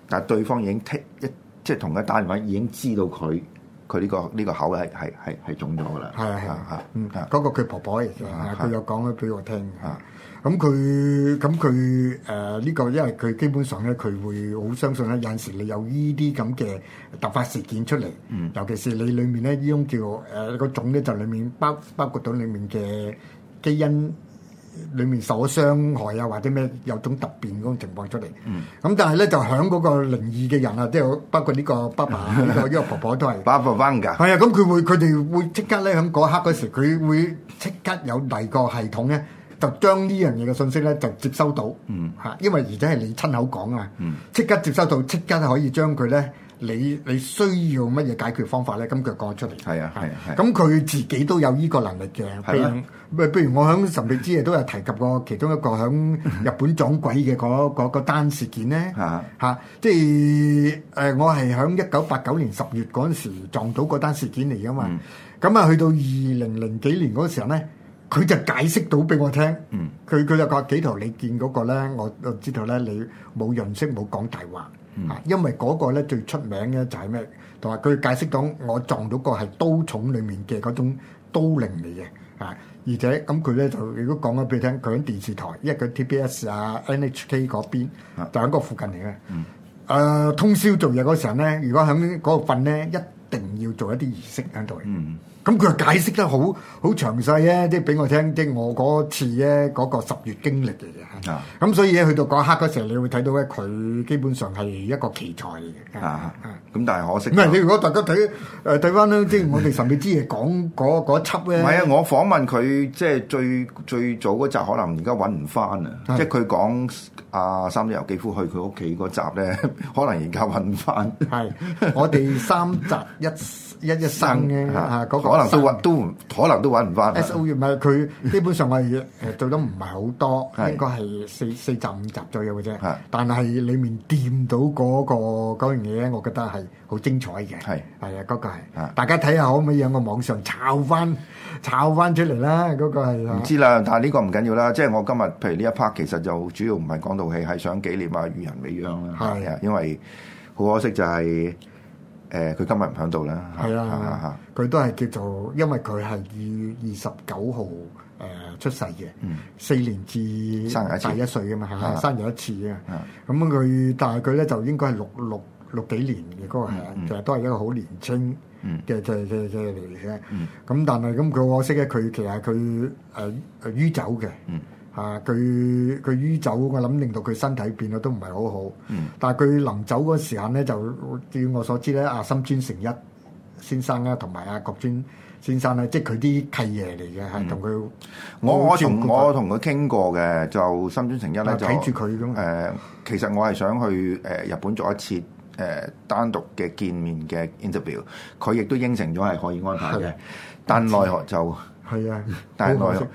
S1: 但係對方已經剔一，即係同佢打電話已經知道佢佢呢個呢個口係係係係腫咗嘅啦。
S2: 係啊係啊，的嗯，嗰個佢婆婆佢又講咗俾我聽。嚇的，咁佢咁佢誒呢個，因為佢基本上咧，佢會好相信咧，有時你有呢啲咁嘅突發事件出嚟，尤其是你裡面咧，呢種叫誒個腫咧，就裡面包包括到裡面嘅基因。裏面受咗傷害啊，或者咩有種突變嗰種情況出嚟，咁、嗯、但係咧就響嗰個靈異嘅人啊，即係包括呢個爸爸、呢 (laughs) 個婆婆都係。爸係啊，咁佢會佢哋會即刻咧響嗰刻嗰時候，佢會即刻有第二個系統咧，就將呢樣嘢嘅信息咧就接收到，嚇，嗯、因為而且係你親口講啊，即、嗯、刻接收到，即刻可以將佢咧。你你需要乜嘢解決方法咧？咁佢講出嚟。係啊，係啊，係、啊。咁佢自己都有依個能力嘅。係啦。咪譬如我響《神秘之夜》都有提及過其中一個響日本撞鬼嘅嗰嗰單事件咧。係啊，啊。即係誒、呃，我係響一九八九年十月嗰陣時撞到嗰單事件嚟㗎嘛。嗯。咁啊，去到二零零幾年嗰時候咧，佢就解釋到俾我聽。嗯。佢佢就講幾頭你見嗰個咧，我我知道咧，你冇認識冇講大話。啊！嗯、因為嗰個咧，最出名咧就係咩？同埋佢解釋講，我撞到個係刀蟲裡面嘅嗰種刀靈嚟嘅。啊！而且咁佢咧就如果講啊俾你聽，佢喺電視台，因為佢 TBS 啊 NHK 嗰邊、啊、就喺嗰附近嚟嘅。誒、嗯呃，通宵做嘢嗰時候咧，如果喺嗰度瞓咧，一定要做一啲儀式喺度。嗯咁佢解釋得好好詳細咧，即係俾我聽，即係我嗰次咧嗰、嗰個十月經歷嘅嘢。咁、啊、所以咧，去到一嗰刻嗰時，你會睇到咧，佢基本上係一個奇才嚟嘅。啊，咁、啊啊、但係可惜不。唔係他你如果大家睇誒睇翻咧，即係我哋神秘之夜講嗰嗰輯咧。唔係啊，
S1: 我訪問佢即係最最早嗰集，可能而家揾唔翻啊，即係佢講。 (laughs) 阿三隻油幾乎去佢屋企嗰集咧，可能而家揾翻。係，我哋三
S2: 集一一一生嘅嚇，嗰個可能都揾
S1: 都可能都揾
S2: 唔翻。S O U 唔係，佢基本上我誒做得唔係好多，應該係四四集五集左右嘅啫。係，但係裡面掂到嗰個嗰樣嘢咧，我覺得係好精彩嘅。係，係啊，嗰個係。啊，大家睇下可唔可以喺個網上炒翻炒翻出嚟啦？嗰個係。唔知
S1: 啦，但係呢個唔緊要啦。即係我今日譬如呢一 part 其實就主要唔係講。部戲係想紀念啊，漁人美樣啦，係啊，因為好可惜就係誒，佢今日唔響度啦，
S2: 係啊，佢都係叫做，因為佢係二月二十九號誒出世嘅，四年至生日一次，一歲噶嘛，吓，生日一次啊，咁佢但係佢咧就應該係六六六幾年嘅嗰個係，其實都係一個好年青嘅嘅嘅嘅嚟嘅，咁但係咁佢可惜咧，佢其實佢誒誒於走嘅，啊！佢佢於走，我諗令到佢身體變咗都唔係好好。嗯。但係佢臨走嗰個時間咧，就據我所知咧，阿森尊成一先生咧，同埋阿郭尊先生咧，即係佢啲契爺嚟嘅，係同佢。
S3: 我我同我
S1: 同佢傾過嘅，就森尊成一咧就睇住佢咁。誒，其實我係想去誒日本做一次誒單獨嘅見面嘅 interview，佢亦都應承咗係可以安排嘅，但奈何就
S3: 係啊，
S2: 但奈何。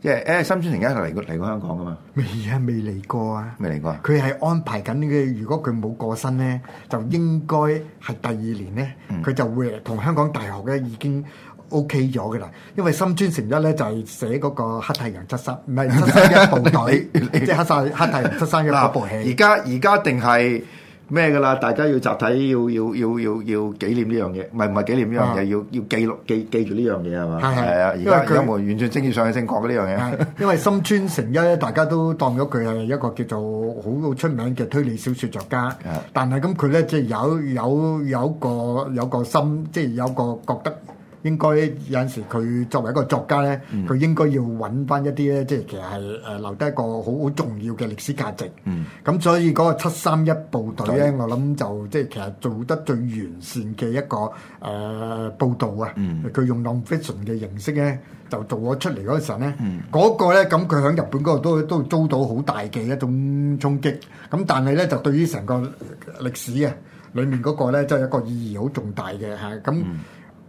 S2: 即係誒，森、欸、村誠一嚟過嚟過香港噶嘛？未啊，未嚟過啊！未嚟過啊！佢係安排緊嘅。如果佢冇過身咧，就應該係第二年咧，佢、嗯、就會同香港大學咧已經 OK 咗嘅啦。因為森村誠一咧就係、是、寫嗰個《黑太陽731》。唔係731部隊，即係 (laughs) 你黑曬 (laughs) 黑太陽731部隊嗰部
S1: 戲。而家而家定係。咩㗎喇？大家要集體要要要要要紀念呢樣嘢，唔係唔係紀念呢樣嘢，啊、要要記錄記記住呢樣嘢係嘛？係啊是，而家音樂完全政治上係正確嘅呢樣嘢。
S2: 因為森村誠一咧， (laughs) 大家都當咗佢係一個叫做好好出名嘅推理小説作家。是是但係咁佢咧，即、就、係、是、有有有個有個心，即係有個覺得。應該有陣時佢作為一個作家咧，佢、嗯、應該要揾翻一啲咧，即、就、係、是、其實係誒留低一個好好重要嘅歷史價值。咁、嗯、所以嗰個七三一部隊咧，有我諗就即係、就是、其實做得最完善嘅一個誒、呃、報導啊。佢、嗯、用 non-fiction 嘅形式咧，就做咗出嚟嗰時候咧，嗰、嗯、個咧咁佢喺日本嗰度都都遭到好大嘅一種衝擊。咁但係咧，就對於成個歷史啊，裡面嗰個咧，即、就、係、是、一個意義好重大嘅嚇咁。啊。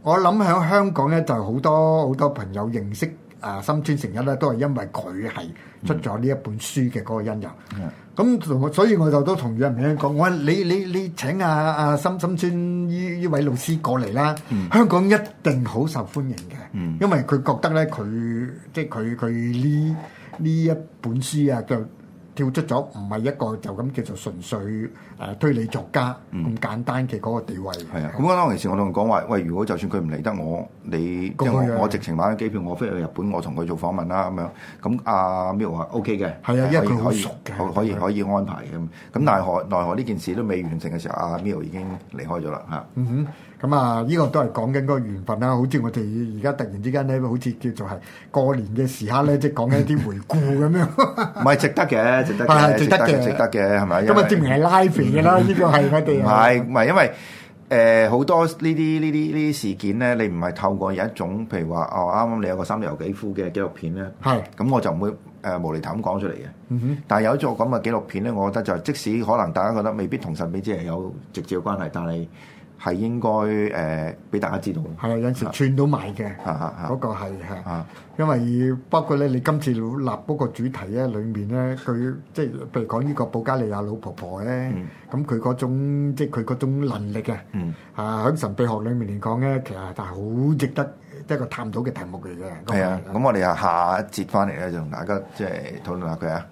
S2: 我諗喺香港咧，就好、是、多好多朋友認識啊，心村成一咧，都係因為佢係出咗呢一本書嘅嗰個恩人。咁、嗯、所以我就都同啲人講，我話你你你請阿阿心心村呢呢位老師過嚟啦，香港一定好受歡迎嘅，嗯、因為佢覺得咧，佢即係佢佢呢呢一本書啊就。跳出咗唔係一個就咁叫做純粹誒推理作家咁、嗯、簡單嘅嗰個地位。係啊，咁嗰陣
S1: 時我同佢講話，喂，如果就算佢唔嚟得我，你即係我，我直情買咗機票，我飛去日本，我同佢做訪問啦咁樣。咁阿 Miu 話 OK 嘅，係啊，OK、的以因為佢可以，可以可以可以安排嘅。咁咁奈何奈何呢件事都未完成嘅時候，阿、啊、Miu 已經離開咗啦嚇。嗯哼。
S2: 咁啊，呢個都係講緊嗰個緣分啦。好似我哋而家突然之間咧，好似叫做係過年嘅時刻咧，即係講緊一啲回顧咁樣。唔係值得
S1: 嘅，值得嘅，值得嘅，是是值得嘅，係咪？咁啊，證明係
S2: life 嘅啦。呢個係佢哋唔係
S1: 唔係，因為誒好、嗯嗯呃、多呢啲呢啲呢事件咧，你唔係透過有一種，譬如話哦，啱啱你有個三流幾夫嘅紀錄片咧，係是。咁我就唔會誒、呃、無厘頭咁講出嚟嘅。嗯、哼但係有咗咁嘅紀錄片咧，我覺得就即使可能大家覺得未必同神秘之係有直接關係，但係。係應該誒，俾、呃、大家知道。係
S2: 啊，有陣時串到埋嘅，嗰個係係，因為包括咧，你今次立嗰個主題咧，裡面咧，佢即係譬如講呢個保加利亞老婆婆咧，咁佢嗰種即係佢嗰種能力啊，
S3: 嗯、
S2: 啊喺神秘學裡面嚟講咧，其實係好值得一個探討嘅題目嚟嘅。係
S1: 啊的，咁、嗯、我哋下一節翻嚟咧，就同大家即係討論下佢啊。